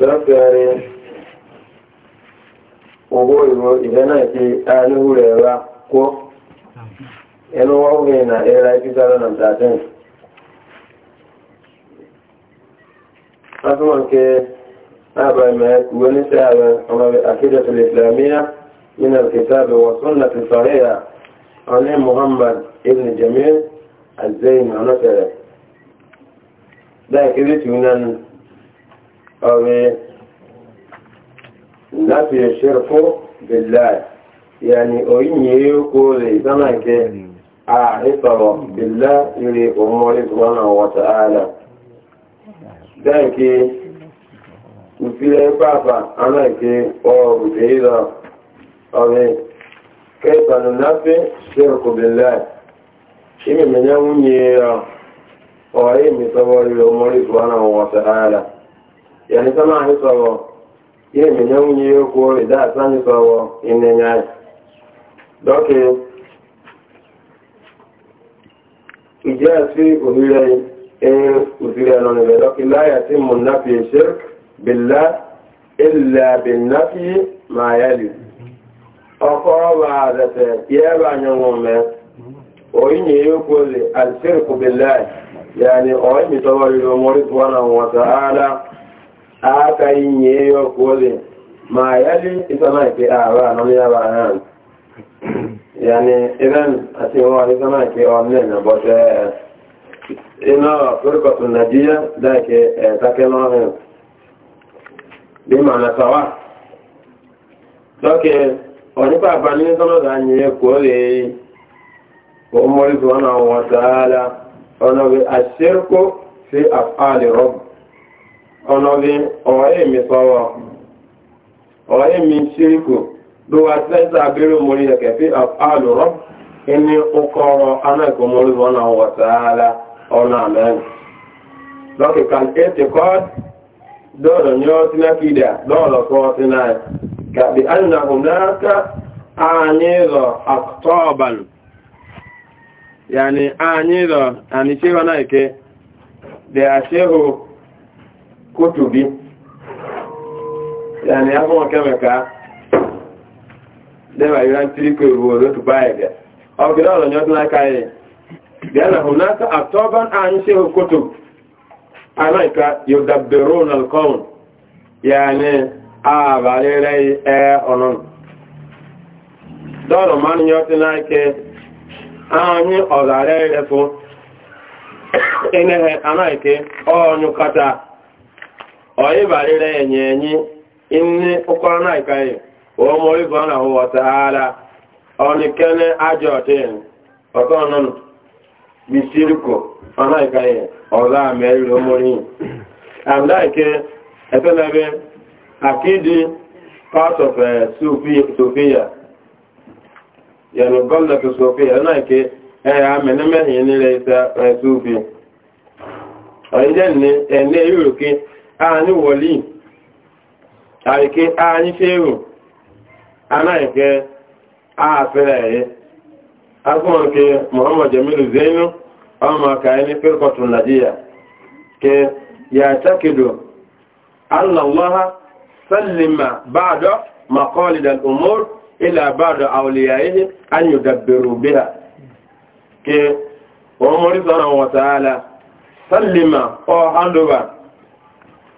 dọ́kítọ̀rì owó ìwọ ìfẹ́ náà ti aníhù rẹ̀ wá kó ẹnu wọ́n na ẹ̀rọ ẹ̀kí sára nà tàbí. Asúmọ̀ nke àbá ìmọ̀ ìwé níṣẹ́ ààrẹ ọmọ àkídẹ̀tù ìsìlámíyà nínú ìkìtàbí wọ̀ súnnà ti sọ̀rẹ́yà ọ̀ní Muhammad ibn Jamil Azeem ọ̀nà tẹ̀rẹ̀. Dáìkiri أو نفي الشرك بالله يعني أيني يقول زمانك أعرفه بالله إلي أمور سبحانه وتعالى ذلك وفي بابا أنا كي أو بيلا أو كيف ننفي الشرك بالله إيه من يوم يرى أو إيه من صبر الأمور سبحانه وتعالى yani sama anyị sọrọ ihe menye nwunye ya ịda asa anyị sọrọ ịnenye anyị dọkị ìjẹ́ àti òmìnira ẹ̀yìn òsìrí ẹ̀nà dọkị láyà tí mo ná fi ṣe bèlá ilẹ̀ bèlá fi máa yẹ ọkọ̀ ọba àdẹ̀tẹ̀ kí bá yan mẹ́ òyìn yẹ okwu lè àti aka inye ya kwole ma yali ita ma ke ara no ya ba han yani idan ati wa ita ya e, na bote ina furqa tunajia da dị ka he bi mana sawa doke oni pa ba ni anyị nye kwole ụmụ na ọ̀nàbí ọ̀rẹ́ mi sọ́rọ̀ mi ṣíríkù ló wá tẹ́sà abẹ́rẹ́ mórí ẹ̀kẹ́ fí àlùrọ̀ inú ọkọ̀ọ̀rọ̀ anáìkòmórí wọn àwọn ọ̀tàálá ọ̀nà àmẹ́rin lọ́kìkà ètè kọ́ dọ́ọ̀rọ̀ ní na ya kutubi yani afọ kẹmẹ ká yóò tiri kó ewu olóòtú báyìí dẹ ọgbẹdẹ ọlọnyọ tó náà káyẹ bẹẹ náà hùn náà àtọban àyìn ṣe hù kótó aláìka yóò dàbẹrù nàlkọ́ọ̀n ẹ ọ̀nà fún ọ̀yẹ́bàrírẹ̀ ẹ̀yẹ̀ ẹ̀yìn inú ụkọrọ náà ìkàyẹ̀ wọ́n mọ̀ orí bọ́ọ̀nà ọwọ́ tààrà ọ̀nìkẹ́ni ajọ́ ọ̀tẹ́yìn ọ̀tọ́ ọ̀nàmù bí sírìkò ọ̀nà ọzọ a mẹ́rin lómọ́rin àmdáìkẹ́ ẹ̀tọ́lẹ́bẹ́ àkídí part of sophia yẹnu gọ́ọ̀lẹ̀ tó sophia ọ̀nà ìkẹ́ ẹ̀yà anyị wọli àìké anyị fèrò anáìké ààfẹ́rẹ̀ ẹ̀yẹ agbọ́n ke muhammad jamilu zainu ọmọ kàí ní fírkọtù nàíjíríà ke ya takido allallaha sallima ba'da maqalid al-umur ila ba'da awliyaihi an yudabbiru biha ke umar subhanahu wa ta'ala sallima ọ handover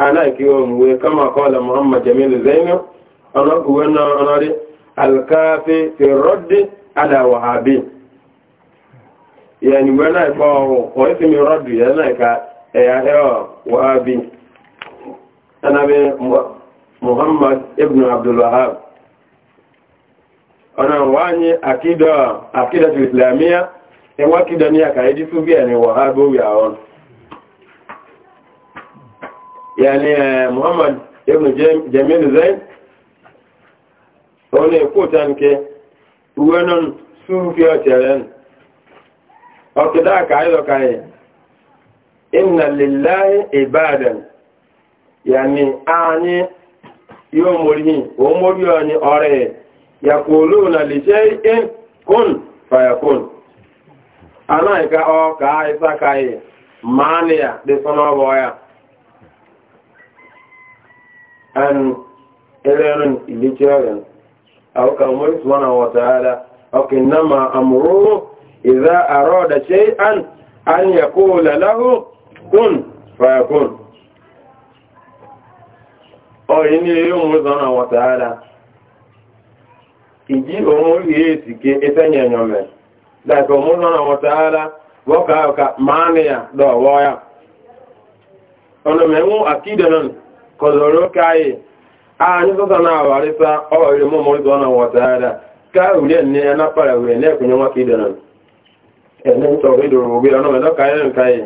anaiki omwe kama kola muhammad jamil zainab anaku wena anari alkafi fi raddi ala wahabi yani wena ipo o isi mi raddi yana ka ya hewa wahabi anabi muhammad ibn abdul wahab ana wani akida akida islamia enwa akida ni akaidi sufi ni wahabi ya ona yani e, muhammad ibn jamil zain wani kuta nke uwenon sufi ọchẹrẹn ọkida akaayọkaayẹ inna lillahi ibadan yani anyị yóò mori o mori ọni ya yakulu na lise in kun fayakun ka ọ ka ịsa ka maanị mania dị sọnọ ọbọ ya an irin ilitiyarin auka umar suwana wata'ala auka nama amuru iza aro da ce an an ya kula lahu kun fayakun ọ̀yí ni yíò mú sọ́nà wata'ala ìjí òun yìí èsì ké ẹsẹ́yìn òun lọ́wọ́ ya ọ̀nà mẹ́wọ́n àkídẹ̀ náà kọ̀dọ̀rọ̀ káyè ààyè sọ́sà náà wà rí sá ọ̀rọ̀ ilé mọ́ mọ́rí sọ́nà wọ̀ tààdà káàrù lé ní ẹná pàrà wẹ̀ ní ẹ̀kùn yẹn wọ́n kì í dẹ̀nà ẹ̀mí ń sọ̀rọ̀ ìdòrò ma ọ̀nà mẹ́lọ́ káyè rìn káyè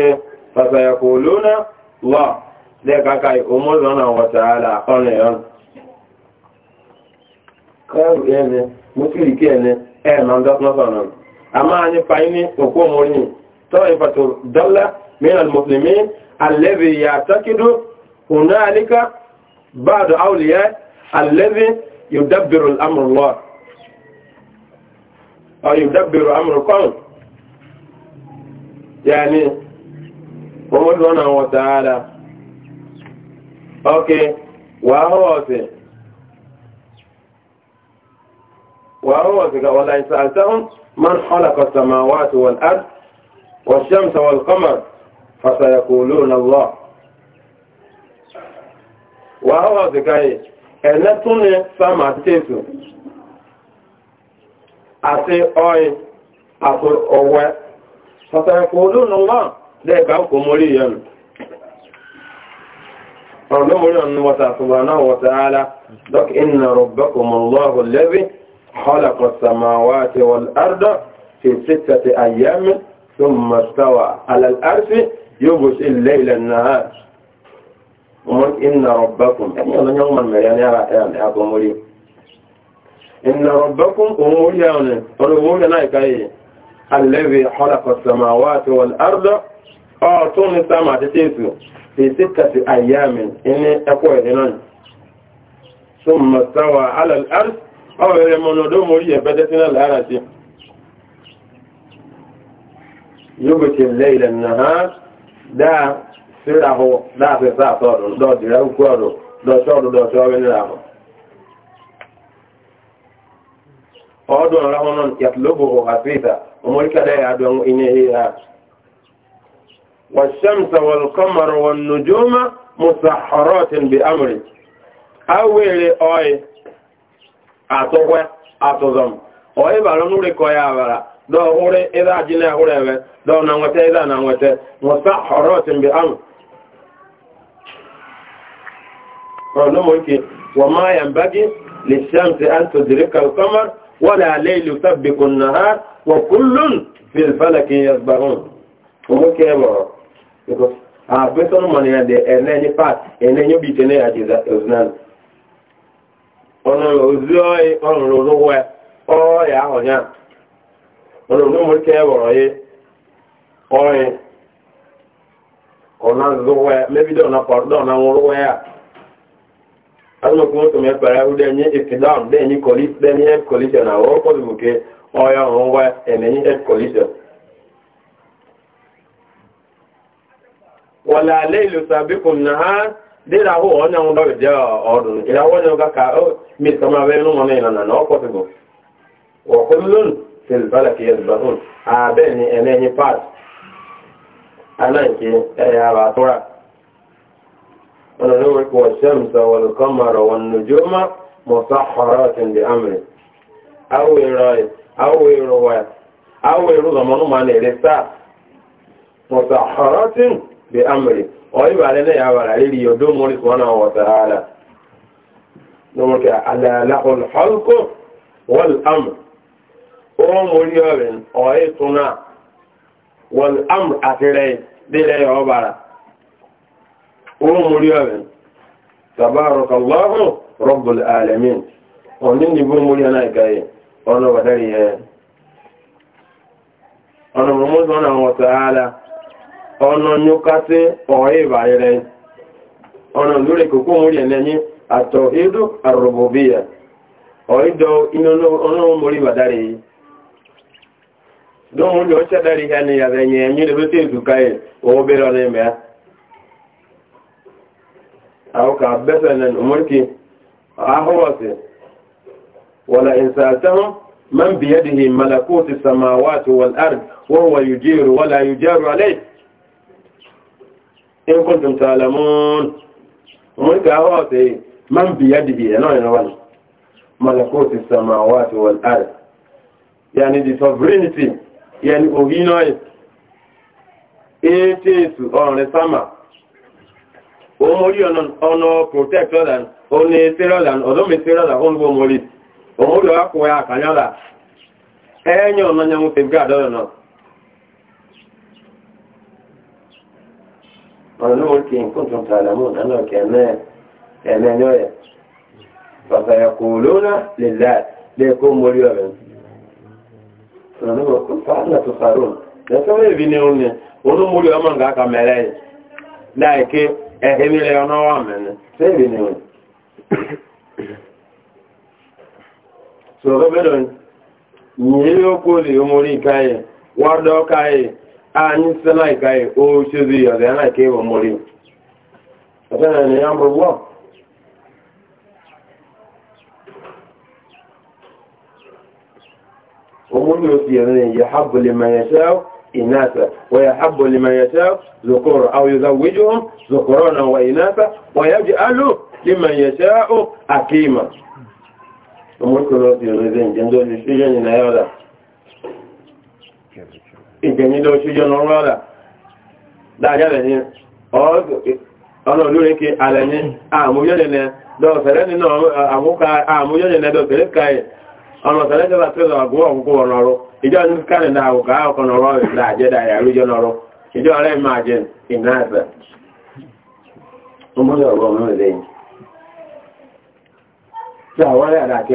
na فسيقولون الله ذلك كاي أمورنا وتعالى أنيان karu ene mutiri kene e non dat na sonon amma ani fayni ko ko to e fatur dalla min al muslimin alladhi ya'taqidu hunalika ba'd awliya alladhi yudabbiru al amr أو يدبر أمر القوم يعني ọmọdé wọn àwọn tààrà ok wàá hó ọ̀sẹ̀ wàá hó ọ̀sẹ̀ ká wọ́n láì sàtàn man ọ̀làkọ̀ sàmáwá àti wọn àd wọ́n ṣẹ́m sàwọn kọ́mọ̀ fàṣàyàkó lónà lọ. wàá hó ọ̀sẹ̀ ká yìí ẹ̀lẹ́tún ni sàmà tẹ̀sù àti ọ̀yìn àti ọ̀wẹ́ fàṣàyàkó lónà lọ́wọ́. lẹ́ẹ̀ka ọkọ̀ mọ́rí ìyẹnu ọ̀rọ̀ lọ́mọrí ọ̀nà wata àtùbànà wata ala dọ́k iná rọ̀bẹ́kọmọ̀lọ́hù lẹ́bí ọlọ́kọ̀sàmáwá إن ربكم أمور يعني أمور يعني كأي الذي خلق السماوات والأرض ọ̀tún ní sáàmà àti tẹ́sù èsì kàtí àyàmì ní ẹkọ́ ìrìnà tó mọ̀ sáwà alàlárì ọ̀rẹ́ mọ̀nàdó mórí ẹ̀bẹ́dẹ́ sínú lára sí yóò ṣe lẹ́ilẹ̀ náà dáa síráhù láti ọrụ lọ́dìrẹ́ ahụ. ọ̀rọ̀ lọ́ṣọ́ọ̀dọ̀ lọ́ṣọ́ọ̀rẹ́ níláhù ọdún ọ̀rọ̀ náà yàtìlóbò ọ̀hàfíìsà ọmọ ya ẹ̀yà ịnye ihe ha. والشمس والقمر والنجوم مسحرات بأمرك أولي أي أتوه أتوزم أوي بالنور كويا ولا دو أولي إذا جنا أولي دو نعوت إذا نعوت مسحرات بأمر وما ينبغي للشمس أن تدرك القمر ولا ليل يسبق النهار وكل في الفلك يسبحون ومكي يبقى Ah, because our personal money and the and any part and any bit in there ọrụ that is none. ọ̀nà òzú ọ̀rùn lòlú wẹ̀ ọ̀rẹ́ àhọ̀nyá ọ̀nà òzú ya kẹ́ wọ̀rọ̀ mebido na ọ̀nà òzú wọ̀lá aléìlú sàbíkùn náà díràwó ọ̀nà ọ̀hún lọ́rọ̀ jẹ́ ọ̀rùn ìràwọ̀ ní ọgá ka ó oh, mi sọmọ abẹ́ inú mọ́nà ìlànà náà pọ̀sibò wọ̀kún lónìí tẹlifala kì í ẹ̀sùn ọ̀hún abẹ́ ni ẹlẹ́yin part aláǹkì ẹ̀yà àbátúrà ọ̀nà ló wọ́n wọ́n ṣẹ́mùsọ wọn kọ́ mọ̀rọ̀ wọn bi amri o iba lele ya wara e lili yo do mori subhanahu wa ta'ala no mo ka ala lahul halqu wal amr o mori o ben o e tuna wal amr atire dile yo bara o mori o ben tabarakallahu rabbul alamin on ni bo mori na kai ono wadari e ono mo mo subhanahu wa ta'ala ọ̀nà nyókásí ọ̀hẹ́ ìbàrẹ̀rẹ̀ ọ̀nà lórí kòkó mórí ẹ̀nẹ́yìn àtọ̀ ìdó ọ̀nà mórí bàdárẹ̀ yìí dọ́mùn lọ ṣẹ́dárì ya ni yàrẹ̀yìn ẹ̀ owó bẹ́rẹ̀ ọ̀nà ìmẹ́ àwọkà bẹ́sẹ̀ nẹ̀ ọmọríkì ahọ́wọ̀sẹ̀ wọ̀là ìsàtẹ́wọ́n من بيده ملكوت السماوات والأرض وهو يجير ولا يجار in kuntum talamun mun ka hawa sai man biya dibi yana yana wani malakuti samawati wal ard yani the sovereignty yani ogino etesu ọ̀rẹ́ sama omori ọ̀nà protector than ọ̀nà eterolan ọ̀dọ́meterolan ọ̀nà omori omori ọkùnrin ونملك إن كنتم تعلمون أنك أمان يوية فسيقولون لله ليكون مليون ونملك فعلا تصارون lẹ́sọ́rọ̀ ìbí ni oúnjẹ olómúrí ọmọ nǹkan aka mẹ́rẹ́ yìí láìké ẹ̀hẹ́mí rẹ̀ ọ̀nà wà mẹ́rin sí ìbí ni oúnjẹ sọ̀rọ̀ bẹ́rẹ̀ yìí ó kó lè omori káyẹ̀ wọ́dọ́ káyẹ̀ anyị site na ịka ya ochezi ya ọdịya na ike ịbụ mmụrụ ọdịya na ya mbụ gwọ ومن يسيرني يحب لمن يشاء إناثا ويحب لمن يشاء ذكورا أو يزوجهم ذكرانا وإناثا ويجعل لمن يشاء أكيما ومن يسيرني جندو لشيجن ينايا ìjẹ̀yìn lọ ṣújọ́ lọ rọ́dà dáadáa ní ọ̀nà olórekè alẹ́ni àmúyọ́lẹ̀lẹ̀ dọ̀fẹ̀rẹ́ nínú àmúyọ́lẹ̀lẹ̀ dọ̀fẹ̀rẹ́ káyẹ̀ ọ̀nà tẹ̀lẹ́ tẹ́lá tẹ́lá àgúwọ̀ ọ̀gúnkú ọ̀nà ọ̀rọ̀ ìjọ́ ní ọ̀rọ̀ ìlàjẹ́dà àrújọ́ lọ́rọ̀ ìjọ́ àwọn àdáké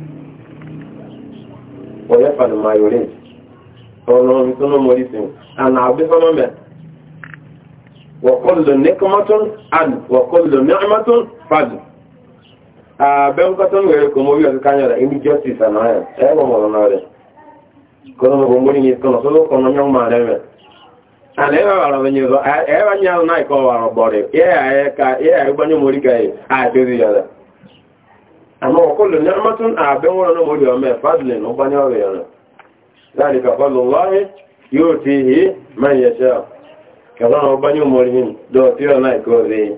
ويفعل ما يريد فنو مثل مريسين أن عبد الله وكل نقمة عن وكل نعمة فضل abẹ́mùkọ́tọ́ ń wẹ̀rẹ̀ kò mórí ọ̀tọ́ kányọ̀dá inú justice àná ẹ̀ ẹ̀wọ̀n mọ̀rọ̀ náà rẹ̀ kọ́nà mọ̀gbọ̀ mórí ní ìkọ̀nà na ló kọ̀nà yọ́n máa rẹ̀ rẹ̀ àná ẹ̀wà wà rọ̀ nyẹ̀zọ́ ẹ̀wà nyẹ̀ àrùn náà ìkọ̀ àmọ́ ọ̀kọ́lù ní ọmọtún àbẹ́wọ̀n náà mọ́lẹ̀ ọmọ ẹ̀fàdìlẹ̀ ní ọgbá ní ọ̀rẹ̀ ẹ̀rẹ̀ láti kàfàlù láyé yóò ti yí mẹ́yẹsẹ̀ kẹfàlù ọgbá ní ọmọrin dọ̀tí ọ̀nà ìkọ́ rẹ̀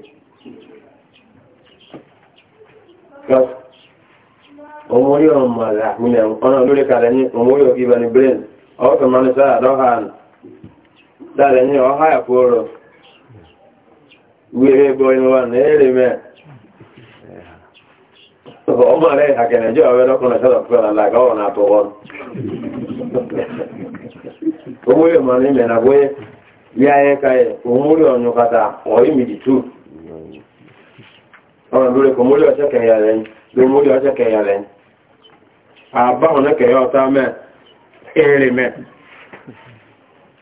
ọmọrí ọmọ àmìlẹ̀ ọ̀nà lórí kàrẹ̀ ní ọmọ rẹ̀ àkẹ̀nẹ̀jọ́ ọ̀rẹ́ lọ́kùnrin sọ́dọ̀ fún ọ̀nà àgbà ọ̀nà àtọwọ́ owó yóò mọ̀ ní mẹ́ra pé yá ẹ ka ẹ̀ òmúlò ọ̀yún kata ọ̀rí mi dì ọ̀nà lórí kò ọ̀ṣẹ́ kẹ̀yà rẹ̀ ló ọ̀ṣẹ́ kẹ̀yà rẹ̀ àbáwọn kẹ̀yà ọ̀tá mẹ́ èrè mẹ́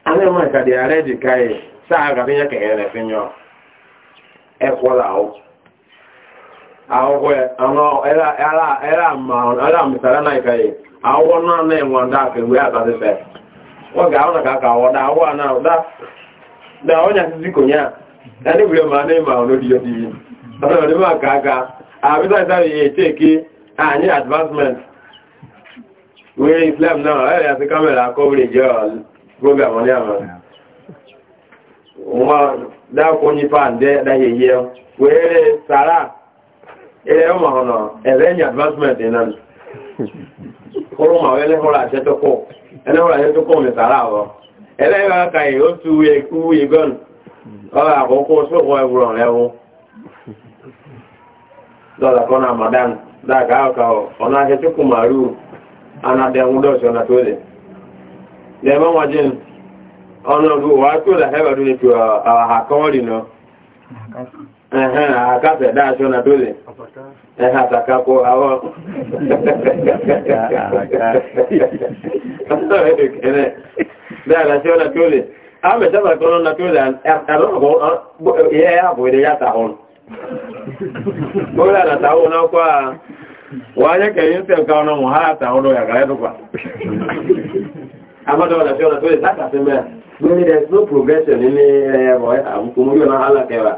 alẹ́ mọ̀ ìkàdé ààrẹ ka sáà kàfíyàn kẹ̀yà rẹ̀ fi yàn ẹ̀kọ́ làwọn akwụkwọ ara mịtara na ikaye akwụkwọ nọ na enwe ndị aka wee atatịfe ọ ga-ahụ na ka aka awọ da akwụkwọ na ụda da ọnya sisi konye a ya ndị wure ma na ịma ọrụ dị ọdị ọtọ na ọdịmma ka aka abịta ịta ya eteke anyị advancement wee islam na ọ ya sị kamera akọwere je program onye ama nwa da akwụkwọ onye pan dị da ihe wee sara ilẹ̀ ọmọ ọ̀nà ẹ̀rẹ́ ní advancement náà ni kúrò màá wẹ́ lẹ́hùn àṣẹ tó kọ̀ ẹlẹ́hùn àṣẹ tó kọ̀ mi sàrà ọ̀ ẹlẹ́yìn ọ̀ka yìí ó tu eku yìí gan ọ̀rọ̀ àkókò sóòkò ẹ̀wùrọ̀ lẹ́wọ́ lọ́la kọ́nà ọ dáàkà ọ̀ka ọ̀nà àṣẹ tó kù ọ anadẹ̀hùn dọ̀sí Ẹ̀hẹ́n àkáfẹ̀ dáṣọ́ na tó lè. Ẹ̀hẹ́ àtàkà kó àwọ́. Dáadáa ṣe ọ́nà tó lè. Àwọn mẹ́sàbà kan ọ́nà tó lè ẹ̀rọ àbò ìdẹ́ yàtà ọ̀nà. Bóyá àtàtà ọ̀nà kọ́ à wáyé kẹ̀yìn tẹ̀ ká ọ̀nà wọ̀n àtà ọ̀nà yàgà ẹ̀dùkwà. Àmọ́dọ̀ọ́dà ṣe ọ̀nà tó lè látàfẹ́ mẹ́rin. Mẹ́rin there's no progression nínú ẹ̀rọ àwọn kòmúyọ̀ náà alákẹ́wàá.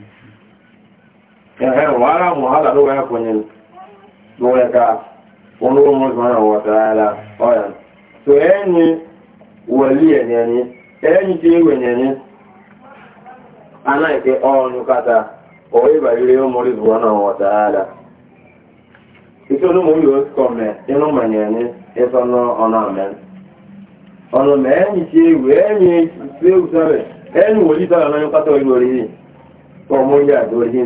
ẹ̀hẹ́ wàhálà mọ̀hálà ló wẹ́ kọ̀nyẹ̀ ló wẹ́ ká wọn ló mọ̀ sọ́nà wọ̀tà enyi ọ̀yà tó enyi wọ̀lí ẹ̀nyẹ̀ni ẹni tí ìwẹ̀ ẹ̀nyẹ̀ni anáìké kata ọ̀wé ìbàlẹ̀ ó mọ̀lẹ̀ sọ́nà wọ̀tà ara ìṣe olómọ̀ yóò kọ̀ mẹ́ inú mọ̀nyẹ̀ni ọ̀nà mẹ́ ọ̀nà mẹ́ tí ìwẹ̀ tí ìwẹ̀ wọ̀lí yìí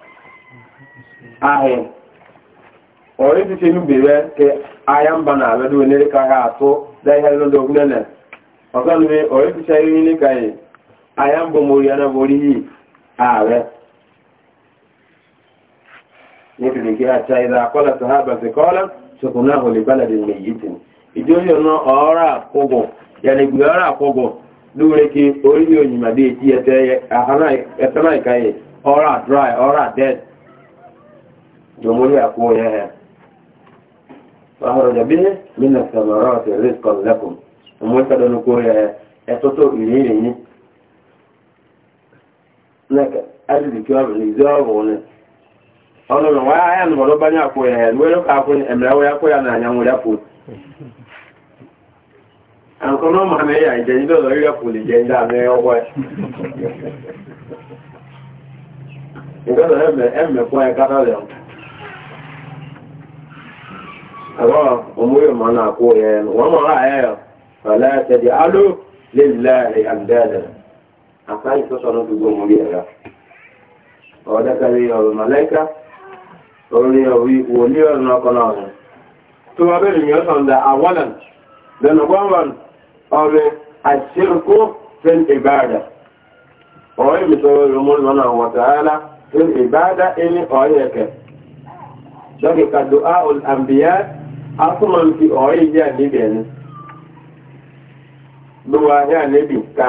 ahị ọrụ ti ṣe ke mba na abẹ dúró nílé káyà da ihe lọdọ ọgbẹnẹ ọkọ nùbẹ ọrụ ti ṣe rí nílé káyà aya mba mori ana mori yìí ààrẹ nítorí kí àṣà ìlà akọ́lá sàhábà sí iji ṣokùn náà olè bálàdì nìyí tì ìdí orí ọ̀nà جمهوري أقوى يا فأخرج به من الثمرات رزقا لكم ومن كذا أتوتو إليه لك أجل كواب الإزاب ọlọ́run wọ́n ayá ní ọlọ́bá ní àpò ẹ̀hẹ̀ lórí káàkùn ẹ̀mìláwó yá kó awa umuyo mana ko yen wa ma aya fala taj'alu lillahi andada akai so sono dugo muri ara oda kali yo malaika ori yo wi woni yo na kono to wa be mi yo sonda awalan dan gwan awe ashirku fil ibada oye mi so yo mo asụma ọyị ji adịbi ene lụwa ahịa anebi ka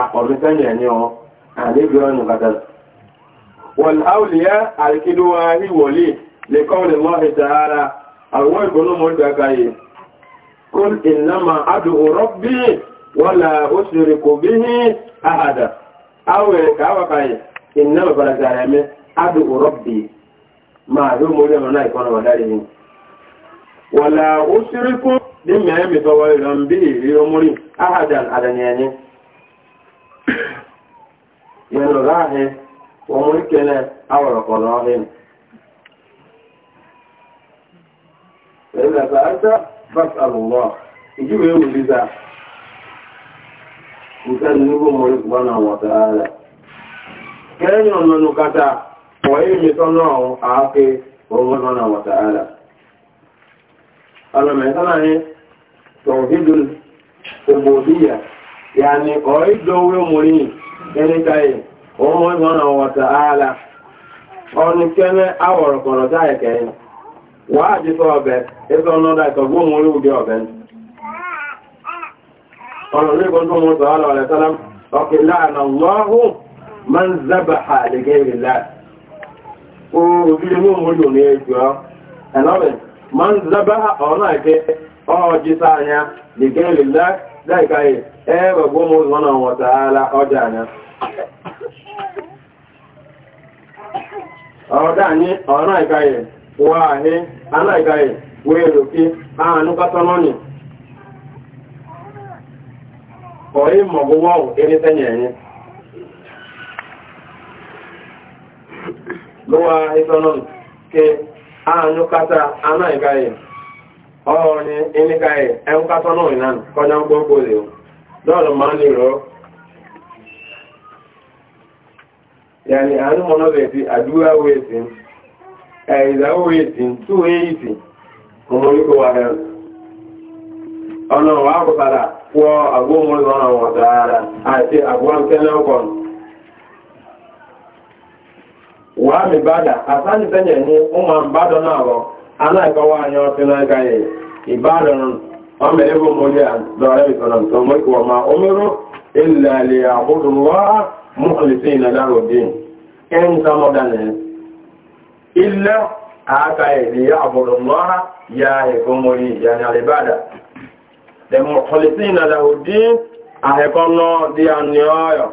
na anyị ọ anebi ọnụ kadara wal na alkiduwahi wali likawli Allah ta'ala awai gonu mo da kai kul innama ad'u rabbi wala ushriku bihi ahada awe ma na wala usiriku ni mẹ́rin tọwọ́ ìran bí ìrí omúrí ahadan adanyanyi yẹnu láàrin omúrí kẹlẹ̀ awọ̀rọ̀kọ̀lọ́ ọ̀hìn ẹ̀lẹ́gbà ẹ̀sẹ̀ bàt àlùwọ̀ ìjíwé wùlíza nǹkan nígbò mọ́rí gbọ́nà wọ̀ta kẹ́yìn ọ̀nà nùkátà wọ́n mi tọ́nà àáké ọmọ náà ọlọ́mẹ̀ẹ́sánà ní tọ̀hídùn ògbòdíyà yà ní ọ̀ídọ́wé mọ̀rí ẹnìkáyẹ̀ ọmọ ìmọ̀nà wọ̀ta ààlà ọ̀nìkẹ́lẹ̀ awọ̀rọ̀kọ̀rọ̀ dáẹ̀kẹ́ wàá jísọ ọbẹ̀ ẹgbẹ́ ọ̀nọ́dà ìkọ̀gbọ́ mọ̀rí òdí ọbẹ̀ ọ̀nà orí man zabaha ọ̀nà ìfẹ́ ọjísá anya dìgẹ́ lèlá dáìkáyè ẹ̀rọ gbọ́mọ̀ ọ̀nà wọ̀tàálá ọjà anya ọ̀dá ní ọ̀nà ìkáyè wà ahé aná ìkáyè wéèrò kí àánú kátánọ́nì ọ̀yí mọ̀gbọ́wọ́ lọ́wọ́ ahé kí anyụkata anaghịgaghị ọrị ịnịkaghị ẹnkata náà ìnáà kọjá ń gbogbo lè dọ́ọ̀lù máa nìrọ yàní àánúmọ̀nà bẹ̀ẹ̀sì àdúrà wéèsì ẹ̀ìdà wéèsì tó wéèsì ọmọ Wa mi bàdà àtàní sẹ́yìn ní ọmọ ìbàdàn náà lọ aláìkọwà ní ọtí náà gáyé ìbàdàn ọmọ ẹgbẹ́ ọmọdé àdọ́rẹ́ ìtọ́nà tó mọ́ ìkọ̀ ma omero ìlàlẹ̀ àkójọwà mọ́kànlẹ̀sí ìnàdàrọ̀dé ẹni aka ilẹ̀ àákàyè ní àbọ̀dọ̀mọ́ ya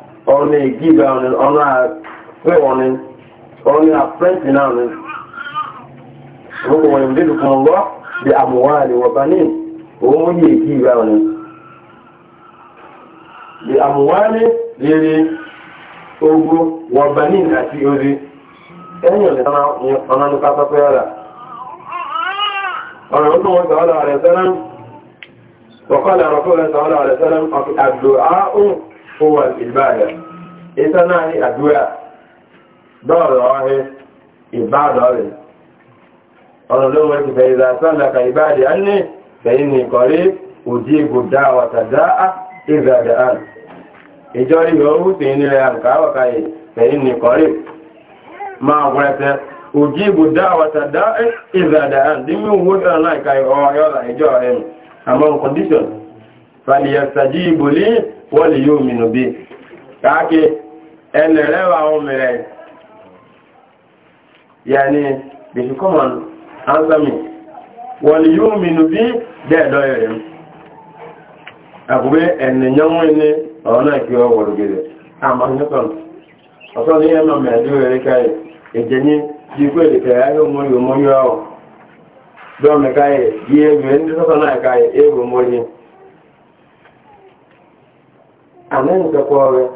ọ̀nà ìgbìgbà ọ̀nà àpẹ́wọ̀ni ọ̀nà àpẹ́ntì náà ni ọkùnrin ìdílù kan lọ́ di àmúwá àríwọ̀bá ní òun yìí ìgbìgbà ọ̀nà di àmúwá ní lérí ogó wọ̀bá ní àti orí na ọ̀nà nípa pẹ́pẹ́ ọ̀rà ọ̀rọ̀ ọdún wọn sọ̀rọ̀ àrẹ̀ sẹ́lẹ̀ وقال رسول الله صلى الله عليه وسلم الدعاء huwa ìbáàdà ìta náà ní àdúrà dọ́ọ̀rọ̀ ọ̀hẹ́ ìbáàdà rẹ̀ ọ̀nà ló wọ́n ti fẹ̀yìn lásánà ka ìbáàdà á ní fẹ̀yìn ní ìkọ̀rí òjì ìgbò dáwà tàdáà ìzàdà án ìjọ rí òwú sí nílẹ̀ àǹkáwàká fẹ̀yìn ní wọ́n ka yóò mìnà bí káàkì ẹnlẹ̀ rẹwà àwọn mẹ́rẹ̀ yàní bèṣù kọ́mọ̀n ánsàmì wọ́n yóò mìnà bí dẹ́ẹ̀dọ́ ẹ̀rẹ̀ àkùgbé ẹ̀nìyànwó ní ọ̀nà ìkí ọwọ̀rọ̀gẹ̀rẹ̀ àmàyẹ́kọ̀n ọ̀sán ní ẹ̀mà mẹ́ẹ̀dọ́ ẹ̀rẹ̀ káyẹ̀ ìjẹni bí kú èdèkẹ̀ ayọ́ mọ́ yóò mọ́ àmúhùn kẹ́kọ̀ọ́ rẹ̀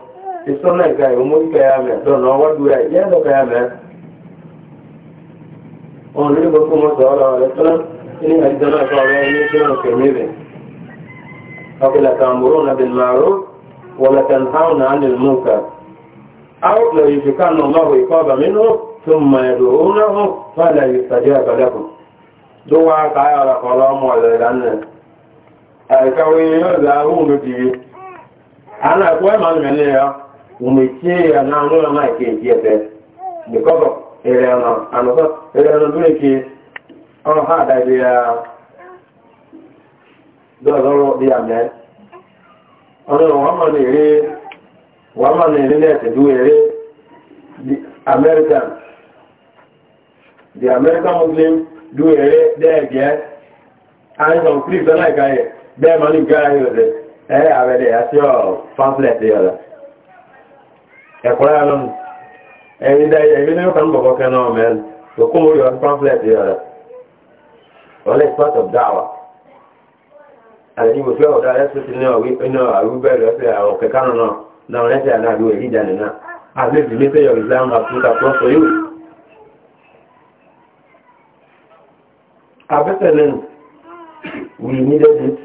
ìsọ́nà ìka ìmúkẹ́ ya mẹ́ lọ́nà ọwọ́dù rẹ̀ yẹ́ lọ́kẹ́ ya mẹ́. wọn lórí gbogbo mọ́ sọ̀rọ̀ rẹ̀ tán ní àdìsọ́ náà sọ rẹ̀ ní ìṣẹ́ òkè mìíràn. ọkùnrin àtàmúrò náà bẹ̀rẹ̀ máa ró wọlé tẹ̀sán náà ní ìmúkà. àwọn lọ yìí fi ìkọ́ tó mọ òun náà hàn ana kwa ma na ne ya umechie ya na ngo na ke je be because ele ana ana ko ele ana dole ke on ha da bi ya do do ro bi ya me ona wa ma ne re wa ma ne ne te du ere di american di american muslim du ere de ge and some priests like i there man guy here ẹ̀rẹ́ àwẹ̀lẹ̀ àti ọ̀ pamphlet yọ̀lá ẹ̀kọ́rẹ́ alọ́nù ẹ̀yìn dáyẹ̀ ẹ̀yìn bọ̀bọ̀ kẹ́ náà mẹ́rin òkú mú yọ̀ pamphlet yọ̀lá ọlẹ́ part of dáwà àlẹ́yìn òfin ọ̀dọ́ ẹ̀sùn ti ní ọ̀wí iná àrúbẹ̀rẹ̀ ọ̀fẹ́ we needed it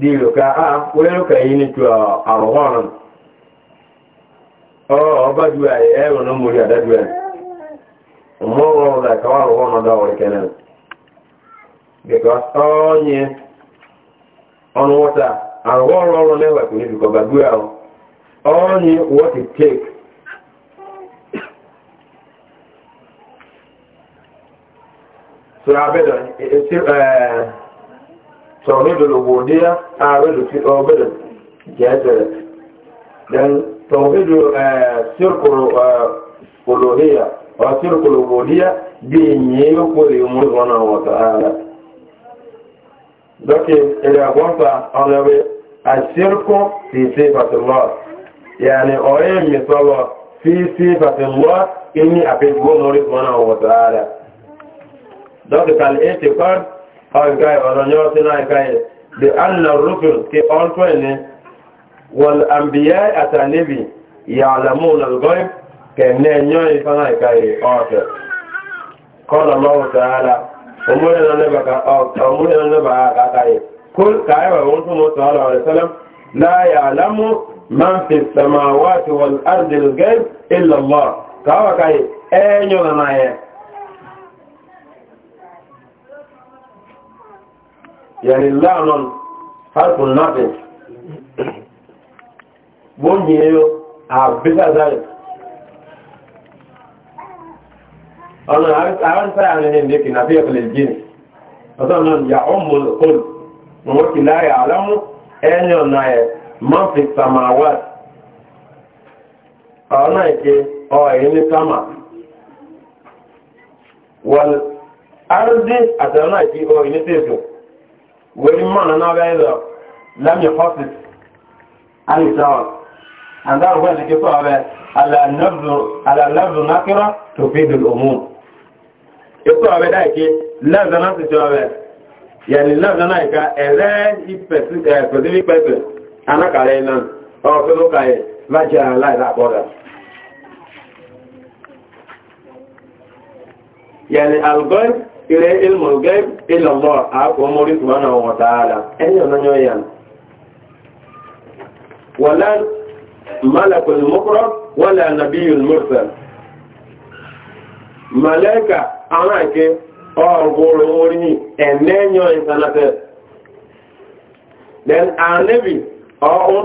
dìrò ká á wẹ́rọ ká yí ní tu àrùhọ́rùn ọba duwa ọrụ ọrụ mórí àdáduwa ọmọrọ̀ ọ̀dà káwà àrùhọ́rùn ọ̀dà ọ̀rẹ́ kẹ́nẹ̀ because ọ̀nyẹ ọ̀nà ọrụ àrùhọ́rùn ọ̀rọ̀ lẹ́wà kò ní bìkọ̀ gbàgbúra ọ̀nyẹ what it takes so abẹ́dọ̀ ee. Eh, eh, eh, tawhid al-ubudiyya a'budu fi ubudu jazara dan tawhid shirk al-uluhiyya wa shirk al-ubudiyya bi nyeyo ko yumu wana wa ta'ala doke ila gonta alawe الشرك في صفة الله يعني أريد مثال في صفة الله إني أبيت قول نوري سبحانه وتعالى ذلك الاعتقاد ọ̀gáyẹ̀ ọ̀rọ̀nyọ́ tí náà gáyẹ̀ the annual rufus ke ọ̀tọ́ ẹni wọ́n àmbíyẹ́ àtànẹ́bì yàlàmú lọ́gọ́rí kẹ̀ẹ̀nẹ́ ẹ̀yọ́ ìfáná ìgáyẹ̀ ọ̀fẹ́ kọ́nà lọ́wọ́ tààlà ọmọdé náà lẹ́bàá ọmọdé náà yà niile ọ nọ nnụ halifo naatị gbọm ji ya ọ ha bidda zari ọ nọ nnụ a nwanyị taara n'enye ndekị n'apịakọlị gini ọ dọọ nọ nnụ yà ọ mụrụ n'ogbo na mafịk samawa ọ nọ n'achi ọ ị ṅụ kama ọ nọ n'achi ọ ị ṅụ teetụ. wani mana na bai da lam ya fasit an isra'al an za a ruwa da ke so abai alalabdu na kira to fi da lomu ito abai da ke labda na su ce abai yani labda na ika ere specific person ana kare nan ọfẹ́lú kàyẹ̀ láti ara láìlá àpọ́dà yani algorithm ire ilmul gaib illa Allah ako subhanahu wa ta'ala enyo nanyo yan wala malakul muqrab wala nabiyul mursal malaika anake ọgbọrọ orí ni ẹ̀mẹ́yọ ìsànàfẹ́ then anabi ọ̀hún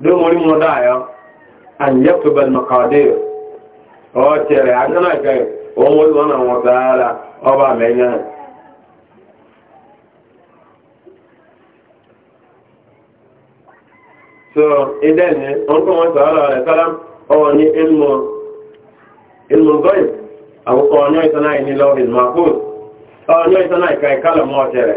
domori mo daya an yakubal maqadir o tere angana kai o mo wana mo ọ o ba menya so idene on ko mo sala ala salam o ni ilmu ilmu ghaib aw ko nyo itana ni lawhil mahfuz o nyo itana kai kala mo tere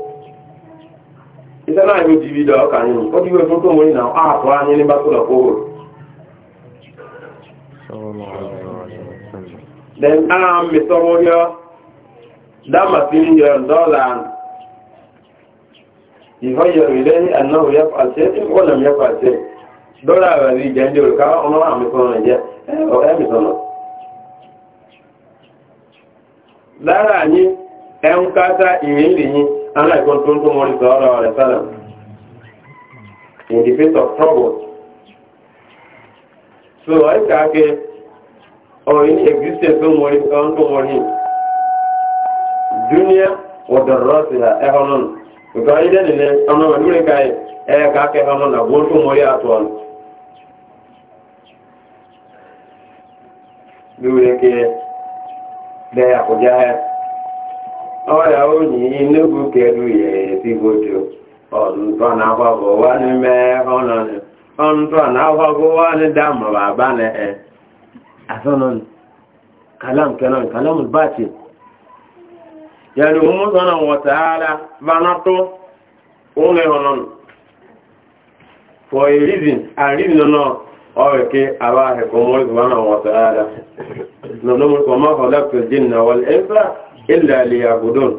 iṣẹ́ náà yóò dìbí ìdọ̀ ọkà anyị ó dìbò fún tóun ní àwọn àpò ayé ní bákúlà kóòrò. then ara mi sọmọ yọ dáàmà sí ń ihe dọ́là ìfọyọ̀ ilé ànáwó yẹ pàṣẹ wọ́n nà mí yẹ pàṣẹ dọ́là rẹ̀ rí jẹ́ ń dèrò ká ọmọ àmì sọ̀rọ̀ jẹ́ ọ̀rẹ́ mi sọ̀rọ̀. lára yín ẹ̀ ń kásá unlike tó ń tó mọ́rí sọ́ọ́rọ̀ rẹ̀ sálà in the face of trouble so ẹ kàákẹ́ ọ̀rin existence tó mọ́rí sọ́ọ́rọ̀ tó mọ́rí junior wọ̀dọ̀rọ̀ sí ẹ̀họ́n náà nǹkan ayé dẹ́nì lẹ ọmọ ọmọ lórí ka ẹ kàákẹ́ ọmọ náà wọ́n tó mọ́rí àtọ̀ lórí kẹ́ bẹ́ẹ̀ àkójá ẹ̀ ọrịa onye nnukwu kedu ya ezigbodo ọdụntụ na-agbago wani mee ọnọdụ ọdụntụ na-agbago wani damụrụ aba na e asọnọn kalam kenan kalam bati yani ụmụ sana wa ta'ala banato une for a reason a reason illa liyabudun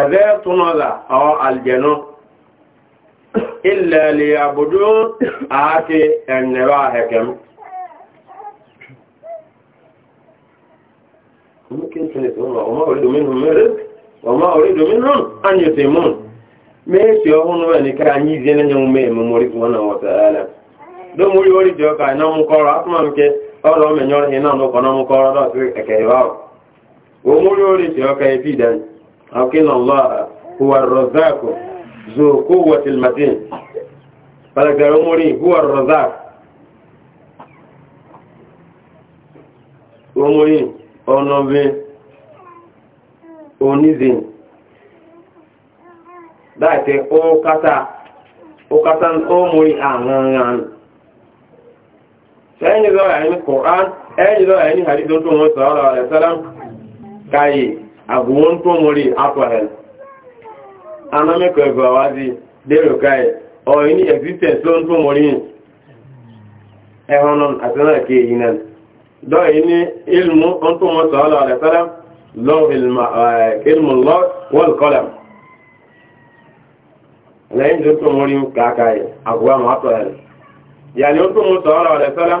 ẹ̀bẹ́ túnọ̀lá àwọn aljẹ̀nú illa liyabudun àti ẹ̀nẹ̀wà ẹ̀kẹ̀m ọmọ ọhún rẹ̀ ní káà yí ìzẹ́ lẹ́yìn ohun mẹ́ẹ̀mọ́ mọ́rí fún ọ̀nà wọ̀ta ẹ̀lẹ́ lóòmú yóò rí jọ iná mú kọ́rọ̀ átùmọ̀ nke ọ̀rọ̀ iná mú kọ́rọ̀ lọ́sí ẹ̀kẹ̀ ìwáwọ̀ omori orisi ọka efi dan ọkịna huwa rozak omori ọnọbe onizin dáìtẹ ọkata ọkata omori ahànhàn sẹ́yìn lọ́wọ́ ẹni kọ̀ọ̀án ẹ̀yìn lọ́wọ́ ẹni hàdídọ́tún wọn kayi agumun tomori apahel anameko ebawazi dero kayi o oh, ini existence lon tomori ehonon atana ke yinan do ini ilmu on tomo sallallahu alaihi wasallam law ilma ilmu allah eh, wal qalam lẹ́yìn tó tó mọ́rí kàákàá yìí àgbà mọ́ àtọ̀rẹ̀ yà ni tó mọ́ sọ́ọ́rọ̀ ọ̀rẹ́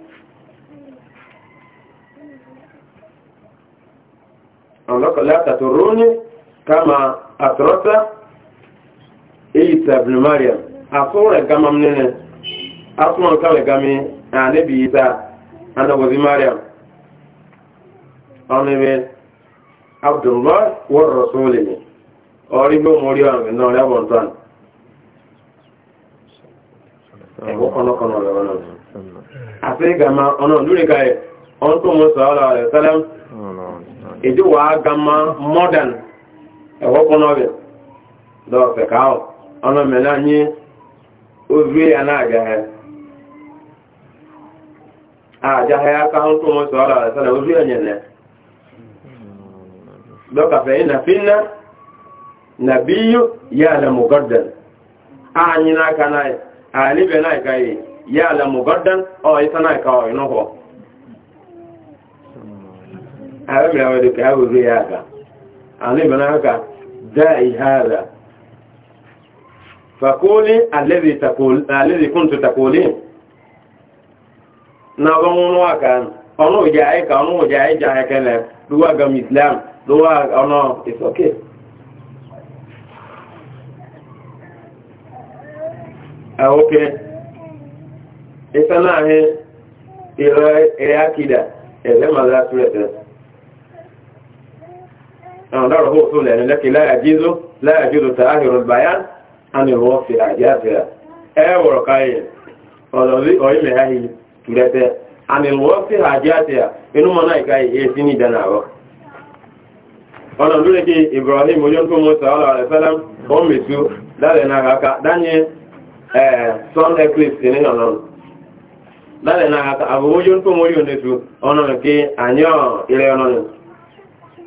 ọ̀lọ́kọ̀ látàtò róní kama àtọ́rọ́tà èyí mariam àfúnrẹ̀ gamam nínú asúnmọ̀ kàwé gami ànẹ́bí isa ta mariam ọ̀nẹ́bẹ̀ abdullahi wọ́n rọ̀ sóòlì ni ọ̀rí bó mú rí ọ̀rìn náà rẹ̀ wọ̀n tán ẹ̀kọ́ kọ́nọ́kọ́nọ́ rẹ̀ wọ́n gama eji waa gama modern ẹ̀wọ́pọ̀ náà bẹ̀ lọ́ọ̀fẹ̀ káwọ̀ ọ̀nà mẹ́lá ní orí anáàjáhẹ́ àjáhẹ́ akáhùn tó mọ́ sọ́ọ́rọ̀ àrẹ́sẹ́lẹ̀ orí ẹ̀yẹ̀lẹ̀ lọ́kàfẹ́ na fínà nàbíyù yà lẹ́mù gọ́dẹ̀n ààyìn náà kanáà ààlẹ́bẹ̀ náà káyè yà lẹ́mù gọ́dẹ̀n ọ̀ awe mira wedo ka awe ri aga ale bana haka da'i hada fakuli alladhi taqul alladhi kuntu takoli na ba mu wa kan ono ja ai ka ono ja ai duwa ga islam duwa ono it's okay a oke ita na he ira ira akida ele mazatu ọ̀dọ́rọ̀ hó tó lẹ́nu lẹ́kì láyàjízo láyàjízo tààhìrò bayan àni wọ́n fi àjáfíà ẹwọ̀rọ̀ adịasịa ọ̀lọ́rí ọ̀yìnlẹ̀ ahì tùrẹ́tẹ́ àni wọ́n fi àjáfíà inú mọ́ náà ìkáyẹ̀ èsì ní ìdánàwọ́ ọ̀nà lórí kí ibrahim ojúntó mọ́sá ọlọ́rẹ̀ sẹ́lẹ̀m eclipse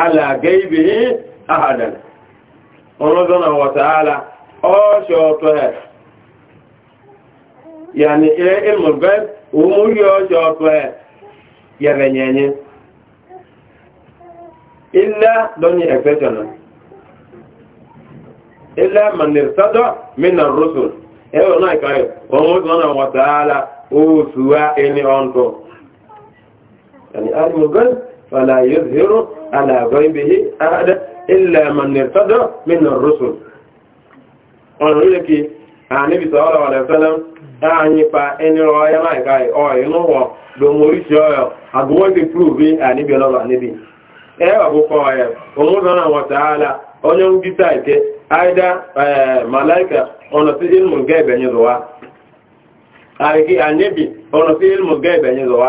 ala gaibihi ahadan ọlọ́dọ́nà wàtàálà ọ́ṣọ́ ọ̀tọ́ ẹ̀ yàní ilẹ̀ ilmọ̀gbẹ́ òmúrí ọ́ṣọ́ ọ̀tọ́ ẹ̀ yẹ̀rẹ̀nyẹ̀nyẹ ilẹ̀ lọ́nyí ẹ̀fẹ́ṣọ̀nà ilẹ̀ manìrìsádọ́ mínà rúsùn ẹ̀rọ náà kàrẹ̀ ọmọdọ́nà wàtàálà oṣùwà ẹni ọ̀ntọ́ yàní alìmọ̀gbẹ́ فلا يظهر على غيبه أحد إلا من ارتضى من الرسل ọ̀rọ̀ ilẹ̀ kí àníbi sọ́ọ̀rọ̀ ọ̀lẹ́sẹ́lẹ́m láàrin pa ẹni rọ ọyá máa ọ̀rọ̀ inú wọn lòmú oríṣi ọ̀rọ̀ àgbówọ́n ti àníbi ọlọ́rọ̀ níbi ẹwà púpọ̀ ẹ̀ òun sọ́nà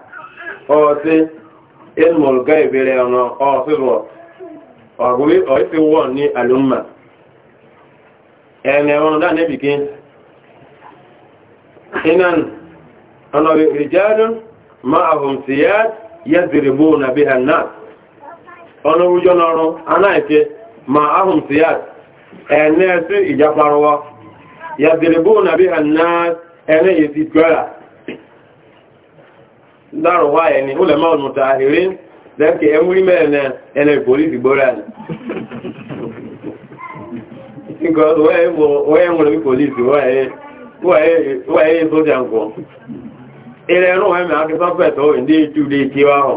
ọtí ilmọ̀lùgá ìbẹ̀rẹ̀ ọ̀nà ọ̀fíwọ̀ ọ̀gbí ọ̀fíwọ̀ ní alùmà ẹ̀nà ẹ̀wọ̀n dáa níbi kí inan ọ̀nà ìrìjáàdù ma ahùn sí yá yẹ́ zìrìbó na bí ha náà ọ̀nà rújọ́ ma ahụm sí yá ẹ̀nà ẹ̀sí ìjáparọwa na ndọrọ nwaanyị ni ụlọ mmadụ mụta ahịrị na nke enwuri ene polisi gboro anyị nke ọzọ wee nwere polisi wee soja nkwụ ire ẹnu wee mee akịta pẹtọ ndị etu dị etiwa ahụ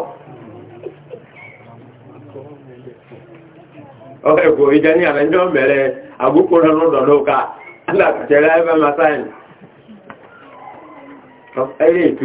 ọkụ ije ní àrẹ ndị o mere agụkpụrụ a na-akachere ebe masaịn ẹrẹ etu